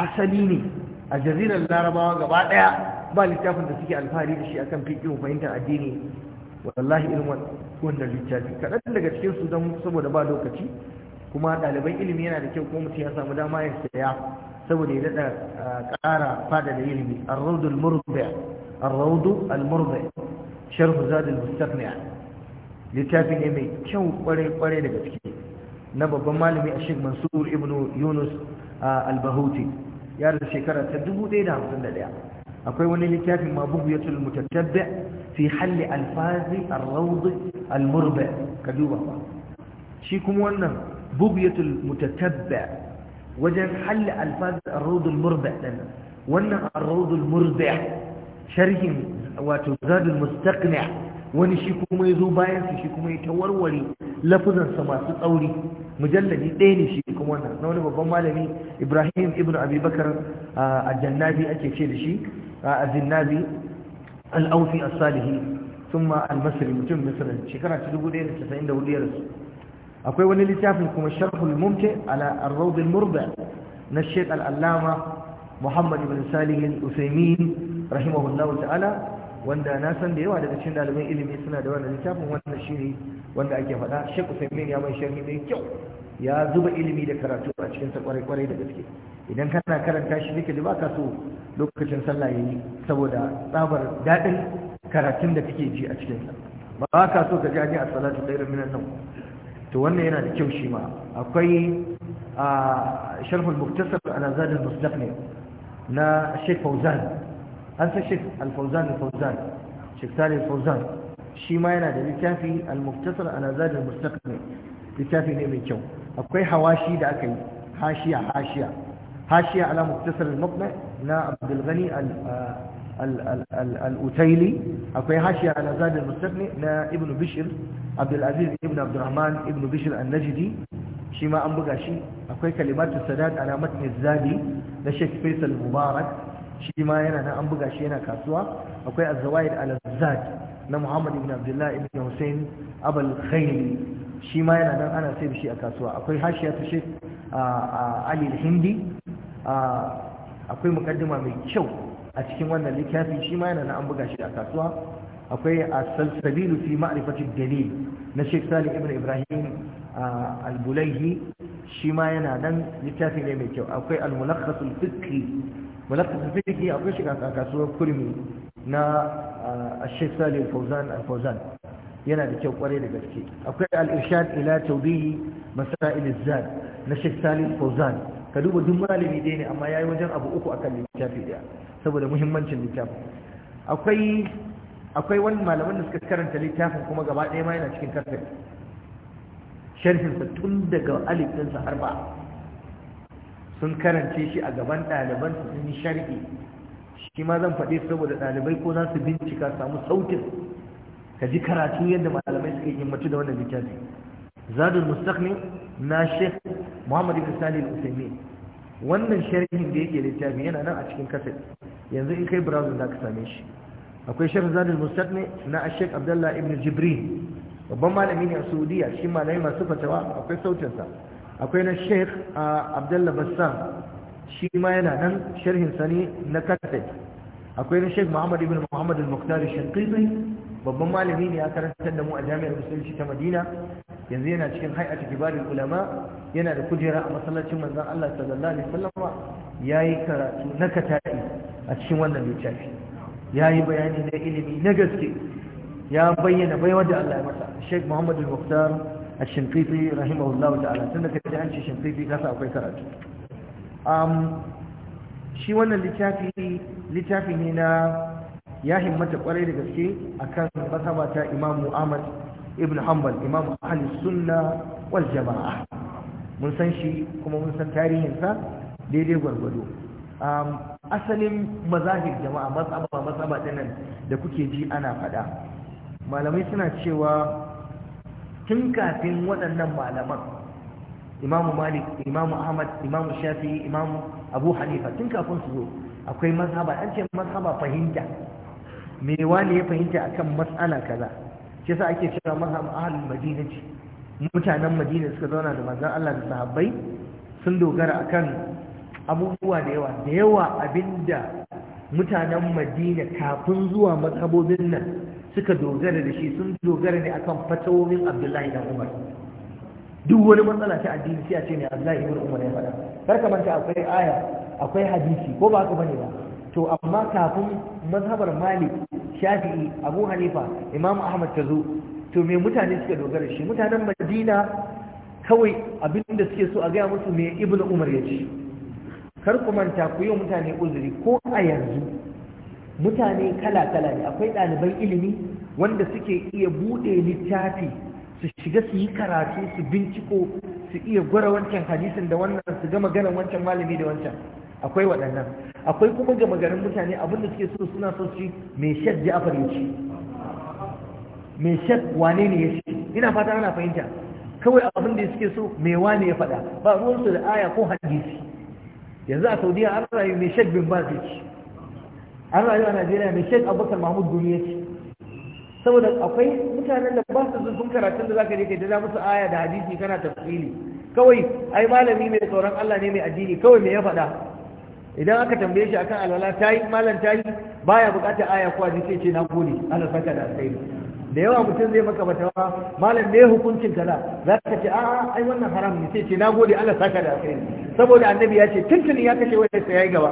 asali ne a jazirar larabawa gaba daya ba littafin da suke alfahari da shi akan fiƙin fahimtar addini wallahi irin wanda littafi kaɗan daga cikin su don saboda ba lokaci kuma ɗaliban ilimi yana da kyau kuma mutum ya samu dama ya saya saboda ya daɗa ƙara fada da ilimi arraudu al-murbi arraudu al sharhu zadul mustaqni littafi ne mai kyau kwarai-kwarai daga gaske. na babban malami a shek mansur ibnu yunus al-bahuti ya rasu shekara ta 1051 akwai wani littafin ma bughyatul mutattabbi fi halli alfazi ar-rawd al-murbi ka duba ba shi kuma wannan ya ta mutattabbi wajen halli alfazi ar-rawd al-murbi din wannan ar-rawd al-murbi sharhin wato zadul mustaqni' wani shi kuma ya zo bayan su shi kuma ya tawarware lafuzansa masu tsauri mujalladi ɗaya ne shi wannan na wani babban malami ibrahim ibn abubakar a jannabi ake ce da shi a zinnabi al'aufi a salihi sun ma al mutum misirin shekara ta 1994 ya rasu akwai wani littafin kuma sharhul mumti ala ar murda na sheikh al-allama muhammad ibn salih usaimin rahimahullahu ta'ala wanda na san da yawa daga cikin ɗaliban ilimi suna da wannan littafin wannan shi wanda ake faɗa Sheik Usain ya mai sharhi da kyau ya zuba ilimi da karatu a cikinsa sa kwarai kwarai da gaske idan kana karanta shi duka da baka so lokacin sallah yayi saboda tsabar dadin karatun da kake ji a cikin sa ba ka so ka ji a salatu khairun minan nawm to wannan yana da kyau shi ma akwai a sharhul muktasar ala zadul mustaqni na Sheikh Fauzan an san Sheikh Al-Fauzan Al-Fauzan Sheikh Salih Fauzan shi ma yana da littafi al-muktasar ala zadul mustaqni littafi ne mai kyau akwai hawashi da aka yi hashiya hashiya hashiya ala muktasar al-muqna na Abdul Ghani uh, al-Utaili akwai hashiya ala Zad al-Mustaqni na Ibn Bishr Abdul Aziz ibn Abdul Rahman ibn Bishr an-Najdi shi ma an buga shi akwai kalimatu sadat ala matn zadi na Sheikh Faisal Mubarak shi ma yana nan an buga shi yana kasuwa akwai az-zawaid ala Zad na Muhammad ibn Abdullah ibn Hussein Abul Khayli shi ma yana nan ana sai da shi a kasuwa akwai hashiya ta shek ali hindi akwai mukaddima mai kyau a cikin wannan littafi shi ma yana nan an buga shi a kasuwa akwai a salsabilu fi ma'rifatin dalil na shek salih ibn ibrahim al-bulaihi shi ma yana nan littafi ne mai kyau akwai al-mulakhasul fiqhi mulakhasul fiqhi akwai shi a kasuwar kurmi na الشيخ سالي الفوزان Fawzan. yana da kyau kwarai da gaske akwai al-irshad ila tawbihi masail az-zad na Sheikh Salim Fawzan ka duba duk malami dai ne amma yayi wajen abu uku akan littafi daya saboda muhimmancin littafi akwai akwai wani malamin da suka karanta littafin kuma gaba ɗaya ma yana cikin kafin sharhinsa tun daga alif har ba sun karance shi a gaban ɗaliban su sun yi sharhi shi ma zan faɗi saboda ɗalibai ko za su bincika samu sautin ka ji karatu yadda malamai suka yi mutu da wannan littafi zadul mustaqni na sheikh muhammad ibn salih al-usaimin wannan sharhin da yake littafi yana nan a cikin kasa yanzu in kai browser zaka ka same shi akwai sharh zadul mustaqni na sheikh abdullah ibn jibril babban malami ne a saudiya shi malami masu fatawa akwai sautin sa akwai na sheikh ah, abdullah bassam shi ma yana nan sharhin sani na kasa akwai na Sheikh Muhammad ibn Muhammad al-Muqtar al babban malami ne ya karantar da mu a Jami'ar Musulunci ta Madina yanzu yana cikin hay'atu kibarul ulama yana da kujera a masallacin manzon Allah sallallahu alaihi wasallam yayi karatu na katai a cikin wannan littafi yayi bayani na ilimi na gaske ya bayyana baiwar da Allah ya masa Sheikh Muhammad al-Muqtar al-Shanqiti rahimahullahu ta'ala tunda kace an ce Shanqiti kasa akwai karatu shi wannan littafi littafi ne na ya himmata kwarai da gaske akan masaba ta imamu ahmad ibn hanbal imamu ahli sunna wal jama'a mun san shi kuma mun san tarihinsa daidai gwargwado asalin mazahir jama'a masaba masaba dinan da kuke ji ana faɗa malamai suna cewa tun kafin waɗannan malaman imamu malik imamu ahmad imamu Shafi, imamu abu hanifa tun kafin su zo akwai mazhaba an ce mazhaba fahimta me wani ya fahimta akan matsala kaza shi yasa ake cewa mazhab ahlul madina ce mutanen madina suka zauna da manzon Allah da sahabbai sun dogara akan abubuwa da yawa da yawa abinda mutanen madina kafin zuwa mazhabobin nan suka dogara da shi sun dogara ne akan fatawomin abdullahi dan umar duk wani matsala ta addini sai a ce ne abdullahi ibn umar ya faɗa Karka manta akwai aya akwai hadisi ko ba ka bane ba to amma kafin mazhabar malik shafi'i abu hanifa Imam ahmad ta zo to me mutane suke dogara shi mutanen madina kawai abinda suke so a gaya musu me ibnu umar ya ce kar ku manta ku yi mutane uzuri ko a yanzu mutane kala kala ne akwai ɗaliban ilimi wanda suke iya buɗe littafi su shiga su yi karatu su binciko su iya gwara wancan hadisin da wannan su gama ganin wancan malami da wancan akwai waɗannan akwai kuma gama garin mutane abin da suke so suna so su mai shad ji ya ci mai shad wane ne ya ci ina fata ana fahimta kawai abin da suke so mai wane ya faɗa ba ruwansu da aya ko hadisi yanzu a saudiya an rayu mai shad bin ba zai ci an rayu a najeriya mai shad abubakar mahmud gumi ya ci saboda akwai mutanen da ba su zurfin karatun da ka je kai da musu aya da hadisi kana tafsiri kawai ai malami mai tsoron Allah ne mai addini kawai me ya faɗa idan aka tambaye shi akan alwala tayi malam tayi baya bukatar aya ko hadisi ce na gode Allah saka da alkhairi da yawa mutum zai maka batawa malam ne hukuncin kaza za ka ce a'a ai wannan haram ne sai ce na gode Allah saka da alkhairi saboda annabi ya ce tuntuni ya kashe wanda sai yayi gaba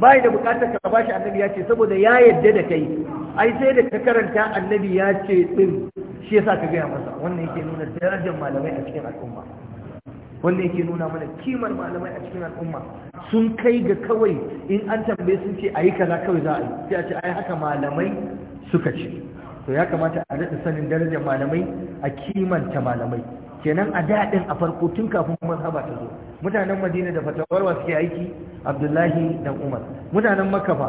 bai da bukatar ka bashi annabi ya ce saboda ya yadda da kai ai sai da ka karanta annabi ya ce din shi yasa ka gaya masa wannan yake nuna darajar malamai a cikin al'umma wannan yake nuna mana kimar malamai a cikin al'umma sun kai ga kawai in an tambaye sun ce ayi kaza kawai za a yi sai a ce ai haka malamai suka ce to ya kamata a rika sanin darajar malamai a kimanta malamai kenan a daɗin a farko tun kafin mazhaba ta zo mutanen madina da fatawarwa suke aiki abdullahi dan umar mutanen makka fa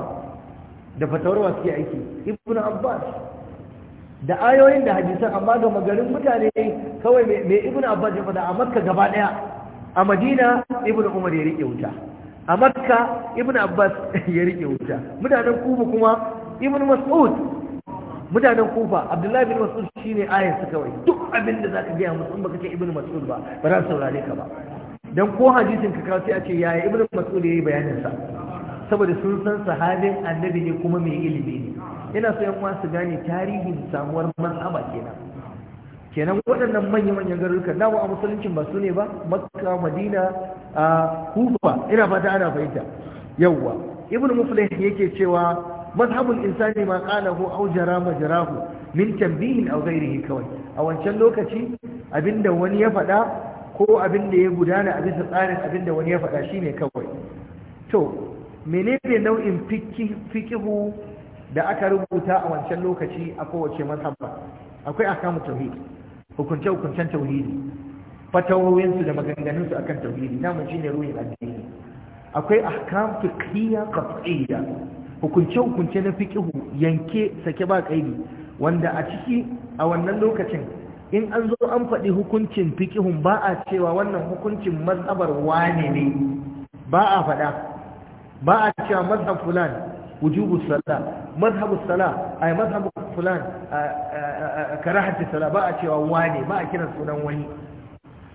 da fatawarwa suke aiki ibn abbas da ayoyin da hadisan amma ga magarin mutane kawai mai ibn abbas ya fada a makka gaba daya a madina ibn umar ya rike wuta a makka ibn abbas ya rike wuta mutanen kufa kuma ibn mas'ud mutanen kufa abdullahi bin mas'ud shine ayar su kawai duk abin da zaka gaya musu in baka ce ibn mas'ud ba ba za su saurare ka ba dan ko hadisin ka kawo sai a ce yaya ibn mas'ud yayi bayanin sa saboda sun san sahabin annabi ne kuma mai ilimi ne ina so yan su gane tarihin samuwar mazhaba kenan kenan waɗannan manyan manyan garuruka nawa a musuluncin ba su ne ba makka madina a kufa ina fata ana fahimta yawwa ibn muflih yake cewa mazhabul insani ma qalahu aw jara majrahu min tanbihin aw ghairihi kawai a wancan lokaci abinda wani ya faɗa ko abinda ya gudana a bisa tsarin abinda wani ya faɗa shine kawai to Mene ne nau'in fikihu da aka rubuta a wancan lokaci a kowace mazhaba akwai akamu tauhidi hukunce hukuncen tauhidi fatawoyinsu da maganganunsu akan tauhidi mu shine ruhin addini akwai ahkam fiqhiyya qat'iyya hukunce hukunce na fikihu yanke sake ba kaidi wanda a ciki a wannan lokacin in an zo an faɗi hukuncin fikihun ba a cewa wannan hukuncin mazhabar wane ne ba a faɗa ba a cewa mazhab fulan wujubu sala mazhabu sala ay mazhabu fulan karahatu sala ba a cewa wane ba a kiran sunan wani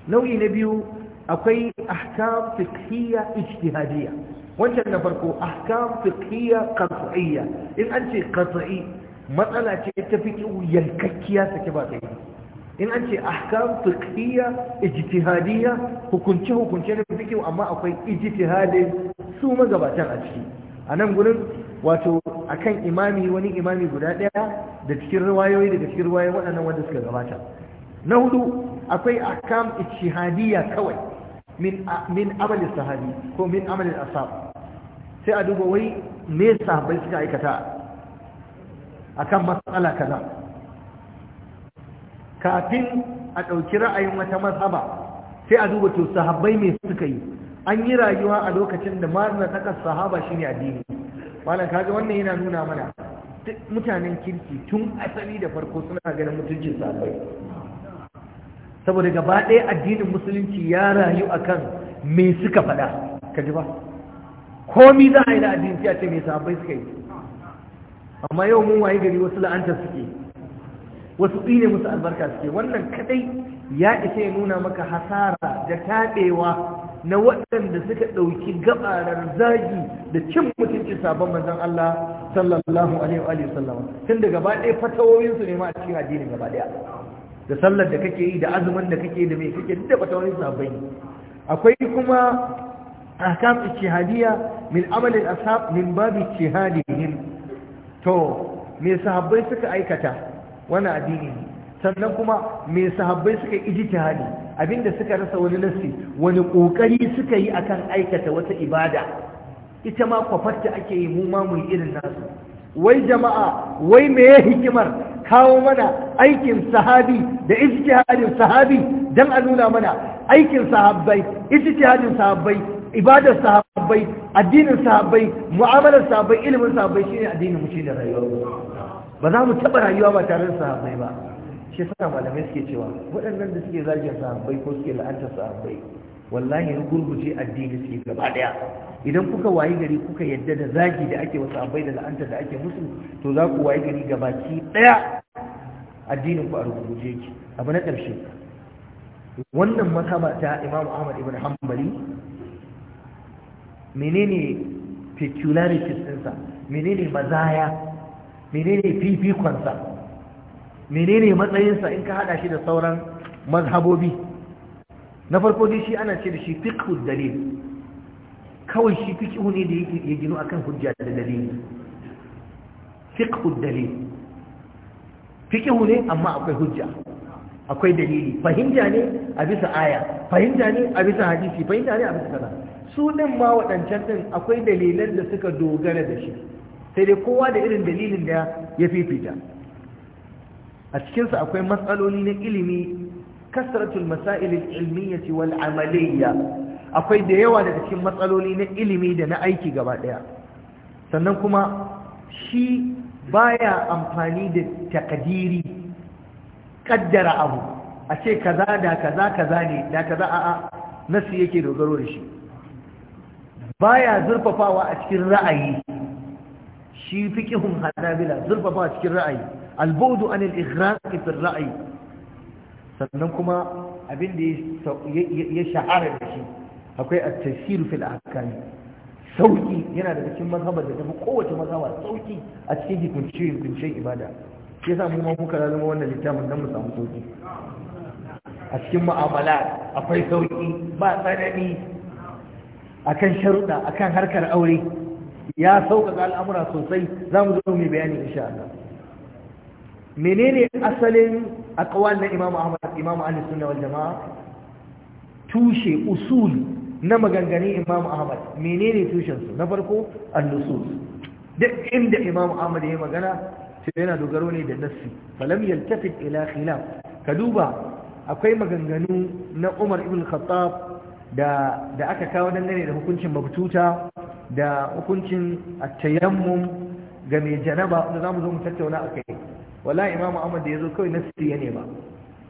nau'i na biyu akwai ahkam fiqhiyya ijtihadiyya wancan na farko ahkam fiqhiyya qat'iyya in an ce qat'i matsala ce ta fiqhu yankakkiya sake ba yi. in an ce ahkam fiqhiyya ijtihadiyya hukunce hukunce na fiqh amma akwai ijtihadin su magabatan a ciki a nan gurin wato akan imami wani imami guda daya da cikin riwayoyi daga cikin riwayoyi waɗannan wanda suka gabata na hudu akwai ahkam ijtihadiyya kawai min min amal sahabi ko min amal ashab sai a duba wai me sahabbai suka aikata akan matsala kaza kafin a ɗauki ra'ayin wata mazhaba sai a duba to sahabbai me suka yi an yi rayuwa a lokacin da mazna takas sahaba shine addini malam kaga wannan yana nuna mana mutanen kirki tun asali da farko suna ganin mutuncin sahabbai saboda gaba ɗaya addinin musulunci ya rayu akan me suka faɗa ka ji ba komi za a yi da addini sai a ce me sahabbai suka yi amma yau mun waye gari wasu la'anta suke wasu tsire musu albarka suke wannan kadai ya isa ya nuna maka hasara da taɓewa na waɗanda suka ɗauki gabarar zagi da cin mutunci sabon manzon Allah sallallahu alaihi wa sallama tun da gaba ɗaya fatawoyinsu ne ma a cikin addinin gaba ɗaya da sallar da kake yi da azumin da kake da mai kake duk da fatawoyin sabai akwai kuma ahkam ijtihadiyya min amal al-ashab min babi ijtihadihim to me sahabbai suka aikata wannan addini ne sannan kuma me sahabbai suka hali, abinda suka rasa wani nassi wani kokari suka yi akan aikata wata ibada ita ma kwafatta ake yi mu ma mu irin nasu wai jama'a wai ya hikimar kawo mana aikin sahabi da ijtihadin sahabi dan a nuna mana aikin sahabbai ijtihadin sahabbai ibadar sahabbai addinin sahabbai mu'amalar sahabbai ilimin sahabbai shine addinin mu shine rayuwar mu ba za mu taɓa rayuwa ba tare da sahabbai ba shi sa malamai suke cewa waɗannan da suke zagin sahabbai ko suke la'antar sahabbai wallahi ya gurguje addini suke gaba ɗaya. idan kuka wayi gari kuka yadda da zagi da ake wa sahabbai da la'anta da ake musu to za ku wayi gari ki ɗaya. addinin ku a rubuce ki abu na ƙarshe wannan masaba ta Imam Ahmad ibn Hanbali menene peculiarities ɗinsa menene mazaya menene fifikonsa menene matsayinsa in ka hada shi da sauran mazhabobi na farko dai shi ana ce da shi fiqhud dalil kawai shi fiqhu ne da yake ya gino akan hujja da dalil fiqhud dalil fiqhu ne amma akwai hujja akwai dalili fahimta ne a bisa aya fahimta ne a bisa hadisi fahimta ne a bisa kaza su din ma waɗancan din akwai dalilan da suka dogara da shi sai dai kowa da irin dalilin da ya fifita a cikinsa akwai matsaloli na ilimi kasratul masailil ilmiyyati wal amaliyya akwai da yawa daga cikin matsaloli na ilimi da na aiki gaba daya sannan kuma shi baya amfani da takadiri kaddara abu a ce kaza da kaza kaza ne da kaza a'a nasu yake dogaro da shi baya zurfafawa a cikin ra'ayi shi fiqhun hanabila zurfafa cikin ra'ayi albudu anil ighraq ra'ayi sannan kuma abin da ya shahara da shi akwai at-tafsir fil ahkam sauki yana daga cikin mazhabar da tafi kowace mazhaba sauki a cikin hukunci hukuncin ibada shi sa mu ma muka zama wannan littafin dan mu samu sauki a cikin mu'amala akwai sauki ba tsanani akan sharuɗa akan harkar aure ya sauƙaƙa al'amura sosai za mu zo mai bayani insha Allah menene asalin aqwal na Imam Ahmad Imam Ahli Sunna wal Jamaa tushe usul na maganganun Imam Ahmad menene tushen su na farko al nusus duk inda Imam Ahmad ya magana sai yana dogaro ne da nassi falam yaltafit ila khilaf ka duba akwai maganganu na Umar ibn Khattab da da aka kawo dangane da hukuncin Babtuta. da hukuncin a tayammum ga mai janaba da za mu zo mu tattauna a kai. Wala imamu Ahmad da zo kawai nasi ya nema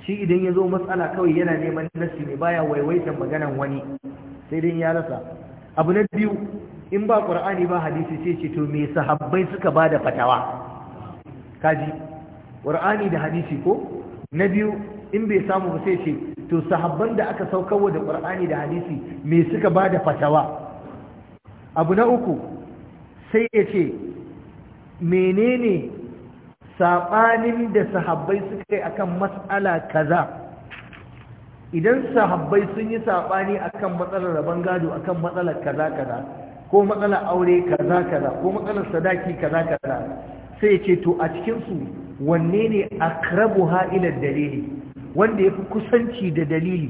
shi idan ya zo matsala kawai yana neman nasi ne baya waiwaitan maganan wani sai dai ya rasa abu na biyu in ba qur'ani ba hadisi sai ce to me sahabbai suka bada fatawa kaji qur'ani da hadisi ko na biyu in bai samu ba sai ce to sahabban da aka wa da qur'ani da hadisi me suka bada fatawa abu na uku sai ya ce menene saɓanin da sahabbai suka yi akan matsala kaza idan sahabbai sun yi saɓani akan matsalar rabon gado akan matsalar kaza kaza ko matsalar aure kaza kaza ko matsalar sadaki kaza kaza sai ya ce to a cikinsu wanne ne akrabu ha'ilar dalili wanda ya fi kusanci da dalili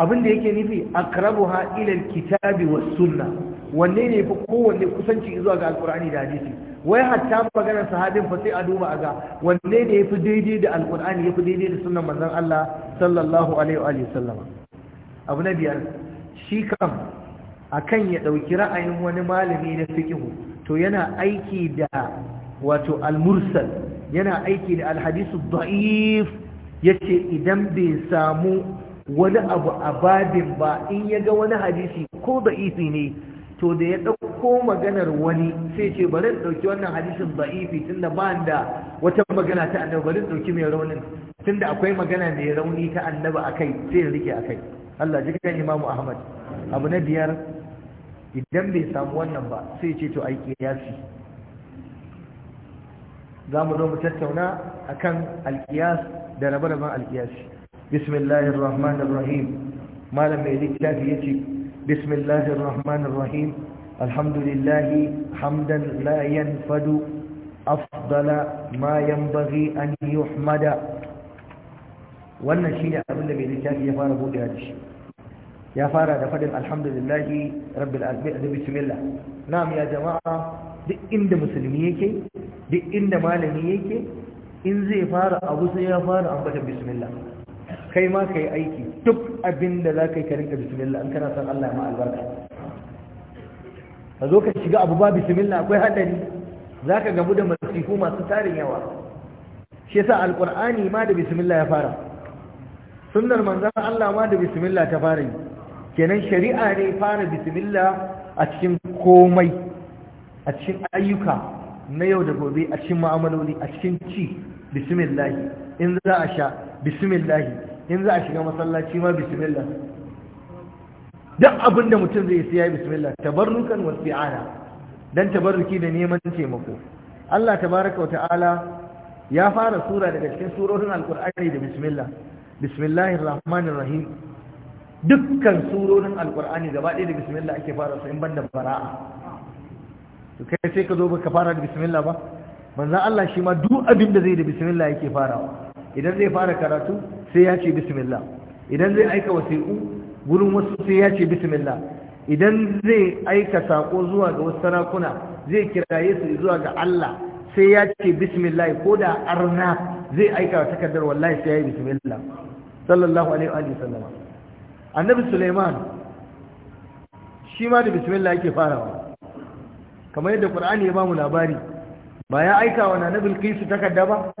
abinda yake nufi akrabu ha'ilar kitabi wa sunna wanne ne fi kowanne kusanci zuwa ga alkur'ani da hadisi wai hatta maganar sahabin fa sai a duba a ga wanne ne yafi daidai da alkur'ani yafi daidai da sunan manzon Allah sallallahu alaihi wa sallama abu na biyar shi kam akan ya dauki ra'ayin wani malami na fikihu to yana aiki da wato al-mursal yana aiki da al ba'if. da'if yace idan bai samu wani abu a babin ba in yaga wani hadisi ko da'ifi ne to da ya ɗauko maganar wani sai ce bari in ɗauki wannan hadisin ba'ifi tunda ba da wata magana ta annabi bari in ɗauki mai raunin tunda akwai magana mai rauni ta annabi a kai sai ya rike a kai Allah ji kan Imam Ahmad abu na biyar idan bai samu wannan ba sai ce to ai kiyasi za mu zo mu tattauna akan alkiyas da rabe-raben alkiyasi bismillahir rahmanir rahim malam mai littafi yace بسم الله الرحمن الرحيم الحمد لله حمدا لا ينفد أفضل ما ينبغي يحمد wannan shi ne abinda mai littafi ya fara buɗe da shi ya fara da faɗin alhamdulillahi rabbil alamin bismillah na'am ya jama'a duk inda musulmi yake duk inda malami yake in zai fara abu sai ya fara ambata bismillah kai ma ka aiki duk abin da za ka yi ka rinka bismillah in kana san Allah ma albarka ka zo ka shiga abu ba bismillah akwai hadari za ka gamu da masifu masu tarin yawa shi yasa alqur'ani ma da bismillah ya fara sunnar manzon Allah ma da bismillah ta fara yi kenan shari'a ne fara bismillah a cikin komai a cikin ayyuka na yau da gobe a cikin ma'amaloli a cikin ci bismillah in za a sha bismillahi in za a shiga masallaci ma bismillah duk abin da mutum zai sai ya bismillah tabarrukan wa isti'ana dan tabarruki da neman taimako Allah tabaraka wa ta'ala ya fara sura daga cikin surorin alqur'ani da bismillah bismillahir rahmanir rahim dukkan surorin alqur'ani gaba ɗaya da bismillah ake fara su in banda fara'a to kai sai ka zo ka fara da bismillah ba manzo Allah shi ma duk abin da zai da bismillah yake farawa idan zai fara karatu sai ya ce bismillah idan zai aika wasiƙu gurin wasu sai ya ce bismillah idan zai aika saƙo zuwa ga wasu sarakuna zai kiraye su zuwa ga Allah sai ya ce bismillah ko da arna zai aika wa takardar wallahi sai ya yi bismillah sallallahu alaihi wa sallam annabi Suleiman, shi ma da bismillah yake farawa kamar yadda Qur'ani ya bamu labari ba ya aika wa na nabil kisu takarda ba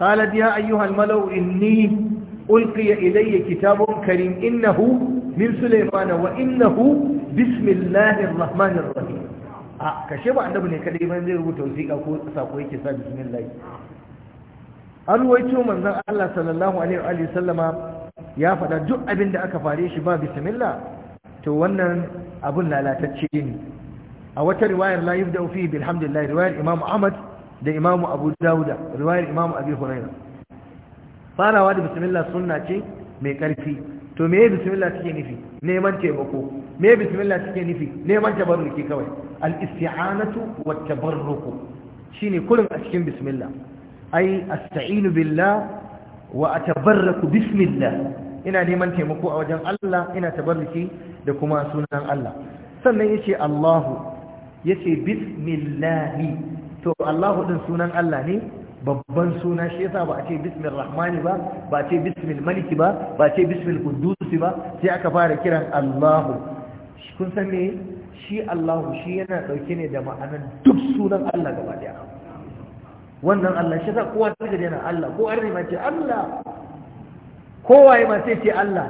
قالت يا أيها الملو إني ألقي إلي كتاب كريم إنه من سليمان وإنه بسم الله الرحمن الرحيم kashe ba annabi ne kadai ban zai rubuta wasiƙa ko yake sa bismillah an ruwaito manzon Allah sallallahu alaihi wa sallama ya faɗa duk abin da aka fare shi ba bismillah to wannan abun lalatacce ne a wata riwayar la yubda fi bilhamdulillah riwayar imam ahmad da imamu abu dauda riwayar imamu abi huraira farawa da bismillah sunna ce mai karfi to me bismillah take nufi neman taimako me bismillah suke nufi neman tabarruki kawai al-isti'anatu wat tabarruku shine kullum a cikin bismillah ai asta'inu billah wa atabarraku bismillah ina neman taimako a wajen Allah ina tabarruki da kuma sunan Allah sannan yace Allahu yace bismillahi to Allahu din sunan Allah ne babban suna shi yasa ba a ce bismil rahmani ba ba a ce bismil maliki ba ba a ce bismil Kudusi ba sai aka fara kiran Allahu kun san me shi Allahu shi yana dauke ne da ma'anar duk sunan Allah gaba daya wannan Allah shi yasa kowa take da yana Allah ko arni ma ce Allah kowaye ma sai ce Allah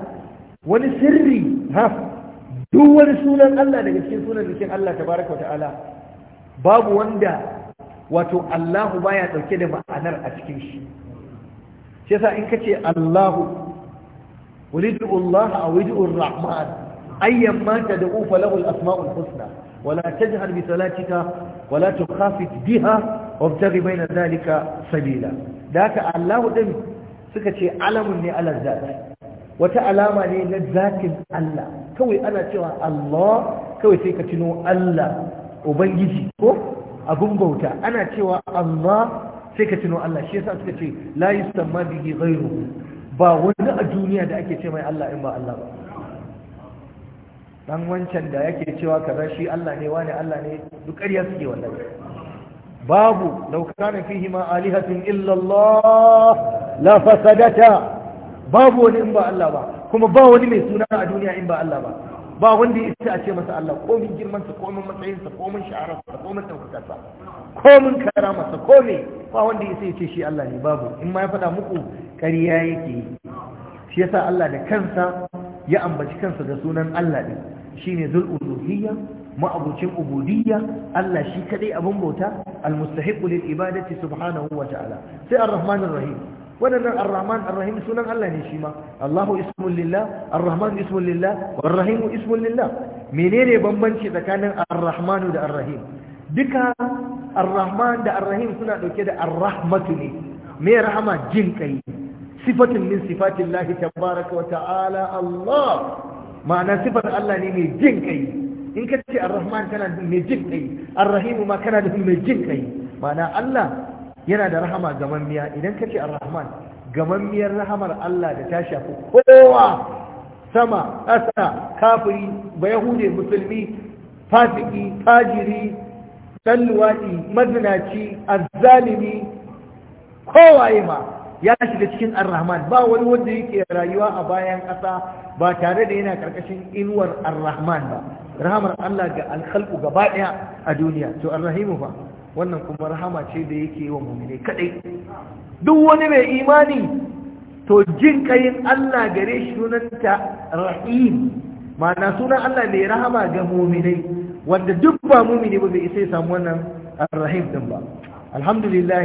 wani sirri ha duk wani sunan Allah daga cikin sunan jikin Allah tabaraka ta'ala babu wanda wato Allahu baya dauke da ma'anar a cikin shi shi yasa in kace Allahu ulidu Allah aw ulidu Rahman ayyan ma tad'u falahu al-asma'ul husna wala tajhar bi salatika wala tukhafit biha wabtaghi bayna dhalika sabila daka Allahu din suka ce alamun ne ala zat wata alama ne na zatin Allah kawai ana cewa Allah kawai sai ka tuno Allah ubangiji ko Abin bauta ana cewa Allah sai ka tuno Allah shi yasa suka ce la yusamma bihi ghayruhu ba wani a duniya da ake ce mai Allah in ba Allah ba dan wancan da yake cewa kaza shi Allah ne wani Allah ne duk ƙarya suke wannan? babu law kana fihi ma alihatun illa Allah la fasadata babu wani in ba Allah ba kuma ba wani mai suna a duniya in ba Allah ba ba wanda ya isa a ce masa Allah komin girmansa komin matsayinsa komin shahararsa komin ɗaukakarsa komin karamarsa komi ba wanda ya isa ya ce shi Allah ne babu in ma ya faɗa muku ƙarya yake yi shi yasa Allah da kansa ya ambaci kansa da sunan Allah ne shine zul uluhiyya ma'abucin ubudiyya Allah shi kadai abin bauta al-mustahiqu lil ibadati subhanahu wa ta'ala sai ar-rahmanir rahim waɗannan ar-rahman sunan Allah ne shi ma Allahu ismun lillah ar-rahman ismun lillah ar-rahim ismun lillah menene bambanci tsakanin ar da ar duka ar da ar suna dauke da arrahmatu ne me rahama jin kai sifatin min sifatillahi tabaraka wa ta'ala Allah ma'ana sifar Allah ne mai jin kai in ka ce ar-rahman kana da mai jin kai ar-rahim ma kana da mai jin kai ma'ana Allah yana da rahama miya idan ka ce ar-rahman miyar rahamar Allah da ta shafi kowa sama ƙasa kafiri bayahude musulmi fasiki tajiri dan luwaɗi mazinaci azzalimi kowaye ma ya shiga cikin ar ba wani wanda yake rayuwa a bayan ƙasa ba tare da yana karkashin inuwar ar ba rahamar Allah ga alkhalqu gaba a duniya to ar-rahimu fa wannan kuma rahama ce da yake wa mummune kadai duk wani mai imani to jin kayin Allah gare shi sunanta rahim ma'ana sunan Allah mai rahama ga muminai wanda duk ba mumini ba bai isa samu wannan rahim din ba alhamdulillah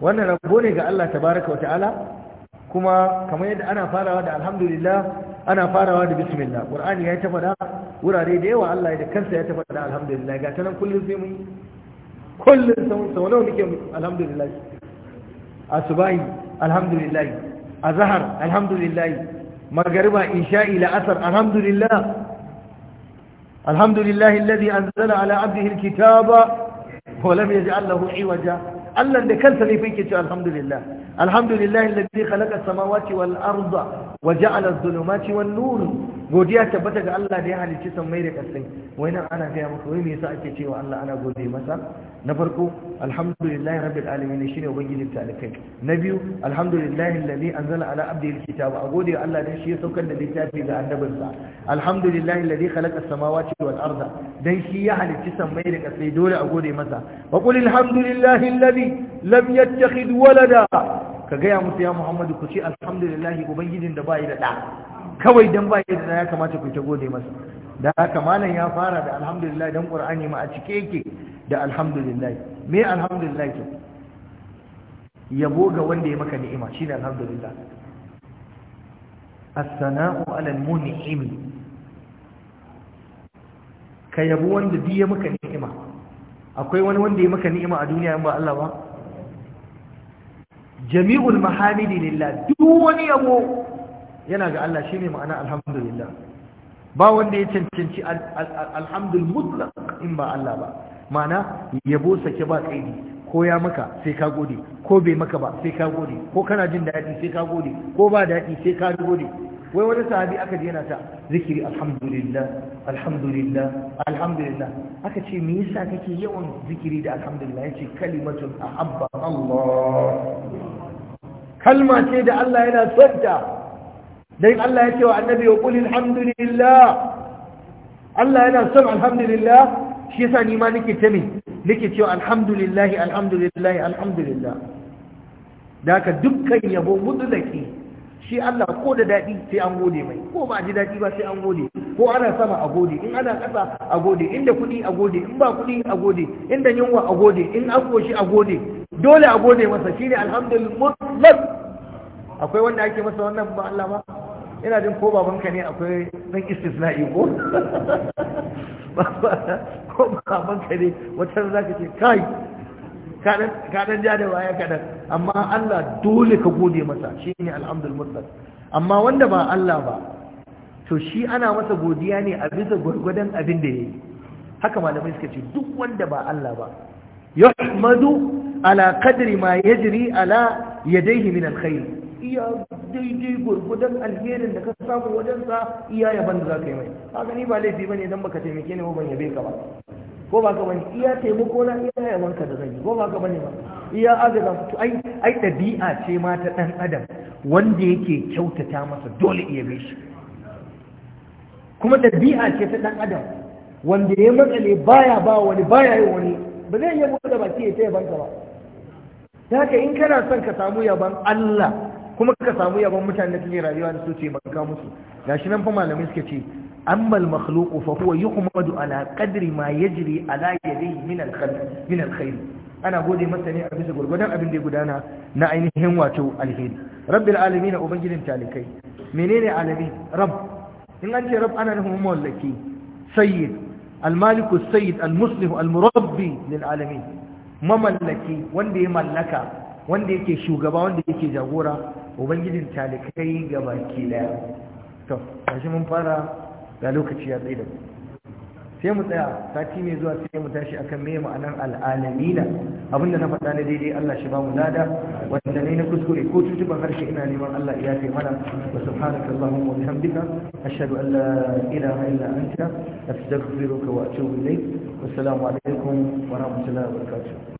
wannan rabo ne ga Allah tabaraka wa ta'ala kuma kamar yadda ana farawa da alhamdulillah ana farawa da bismillah qur'ani ya ta faɗa wurare da yawa Allah da kansa ya ta faɗa alhamdulillah ga ta nan kullum sai mun kullum sau nawa nake alhamdulillah asubahi alhamdulillah azhar alhamdulillah magariba isha'i la'asar alhamdulillah alhamdulillah alladhi anzala ala abdihi alkitaba wa lam yaj'al lahu iwaja Allah da kansa ne yake cewa alhamdulillah alhamdulillah alladhi khalaqa as-samawati wal arda wa ja'ala adh-dhulumati wan-nur godiya tabbata ga Allah da ya halicci sammai da kasai nan ana gaya maka wai me yasa ake cewa Allah ana gode masa na farko alhamdulillahi rabbil alamin shine ubangijin talikai na biyu alhamdulillahi alladhi anzala ala abdihi alkitaba a gode Allah dan shi ya saukar da littafi ga annabinsa alhamdulillahi alladhi khalaqa as-samawati wal arda dan shi ya halicci sammai da kasai dole a gode masa wa qul alhamdulillahi alladhi lam yattakhid walada ka gaya musu ya Muhammadu ku ce alhamdulillahi ubangijin da bai da da kawai dan ba yadda ya kamata ku ta gode masa da haka malam ya fara da alhamdulillah dan qur'ani ma a cike yake da alhamdulillah me alhamdulillah ke yabo ga wanda ya maka ni'ima shine alhamdulillah as-sana'u 'ala al-mun'im ka yabo wanda duk ya maka ni'ima akwai wani wanda ya maka ni'ima a duniya in ba Allah ba jami'ul mahamidi lillah duk wani yabo yana ga Allah shine ma'ana alhamdulillah ba wanda ya cancanci alhamdul mutlaq in ba Allah ba ma'ana yabo sake ba kaidi ko ya maka sai ka gode ko bai maka ba sai ka gode ko kana jin daɗi sai ka gode ko ba daɗi sai ka gode wai wani sahabi aka ji yana ta zikiri alhamdulillah alhamdulillah alhamdulillah aka ce me yasa kake yawan zikiri da alhamdulillah yace kalimatun ahabba Allah kalma ce da Allah yana son ta dan Allah ya ce wa annabi ya qul alhamdulillah Allah yana son alhamdulillah shi yasa ni ma nake ta me nake cewa alhamdulillah alhamdulillah alhamdulillah da ka dukkan yabo mutlaki shi Allah ko da dadi sai an gode mai ko ba ji dadi ba sai an gode ko ana sama a gode in ana ƙasa a gode inda kuɗi a gode in ba kuɗi a gode inda yunwa a gode in an koshi a gode dole a gode masa shine alhamdulillah akwai wanda ake masa wannan ba Allah ba ina jin ko babanka ne akwai dan istisna'i ko ko babanka ne wata za ka ce kai ka dan ja da waya kadan amma Allah dole ka gode masa shine alhamdul mutlaq amma wanda ba Allah ba to shi ana masa godiya ne a bisa gurgudan abin da yayi haka malamai suka ce duk wanda ba Allah ba yahmadu ala qadri ma yajri ala yadayhi min alkhair iya daidai gurgudan alherin da ka samu wajensa iya yaban da za ka yi mai haka ni ba laifi ne don baka taimake ni ko ban yabe ka ba ko ba ka bane iya taimako na iya yaban ka da zan yi ko ba ka bane ba iya agaza to ai ai dabi'a ce ma ta dan adam wanda yake kyautata masa dole iya bi shi kuma dabi'a ce ta dan adam wanda ya matsale baya ba wani baya yi wani ba zai yi da baki ya ta yaban ka ba haka in kana son ka samu yaban Allah kuma ka samu yabon mutane da rayuwa da su maka musu gashi nan fa malamai suka ce amal makhluqu fa huwa yuhmadu ala qadri ma yajri ala yadihi min al khair min al-khair ana gode masa ne a bisa gurgudan abin da ya gudana na ainihin wato alheri rabbil alamin ubangijin talikai menene alamin rabb in an ce rabb ana nufin mallaki sayyid al-maliku sayyid al-muslihu al-murabbi lil alamin mamallaki wanda ya mallaka wanda yake shugaba wanda yake jagora ubangijin talikai ga baki daya to kashi mun fara da lokaci ya tsaye da ku sai mu tsaya sati mai zuwa sai mu tashi akan me ma'anar al'alamina abinda na faɗa na daidai Allah shi ba mu lada wanda ne na kuskure ko tutuban harshe ina neman Allah ya fi mana wa subhanaka allahumma wa bihamdika ashhadu an la ilaha illa anta astaghfiruka wa atubu ilayk wassalamu alaikum wa rahmatullahi wa barakatuh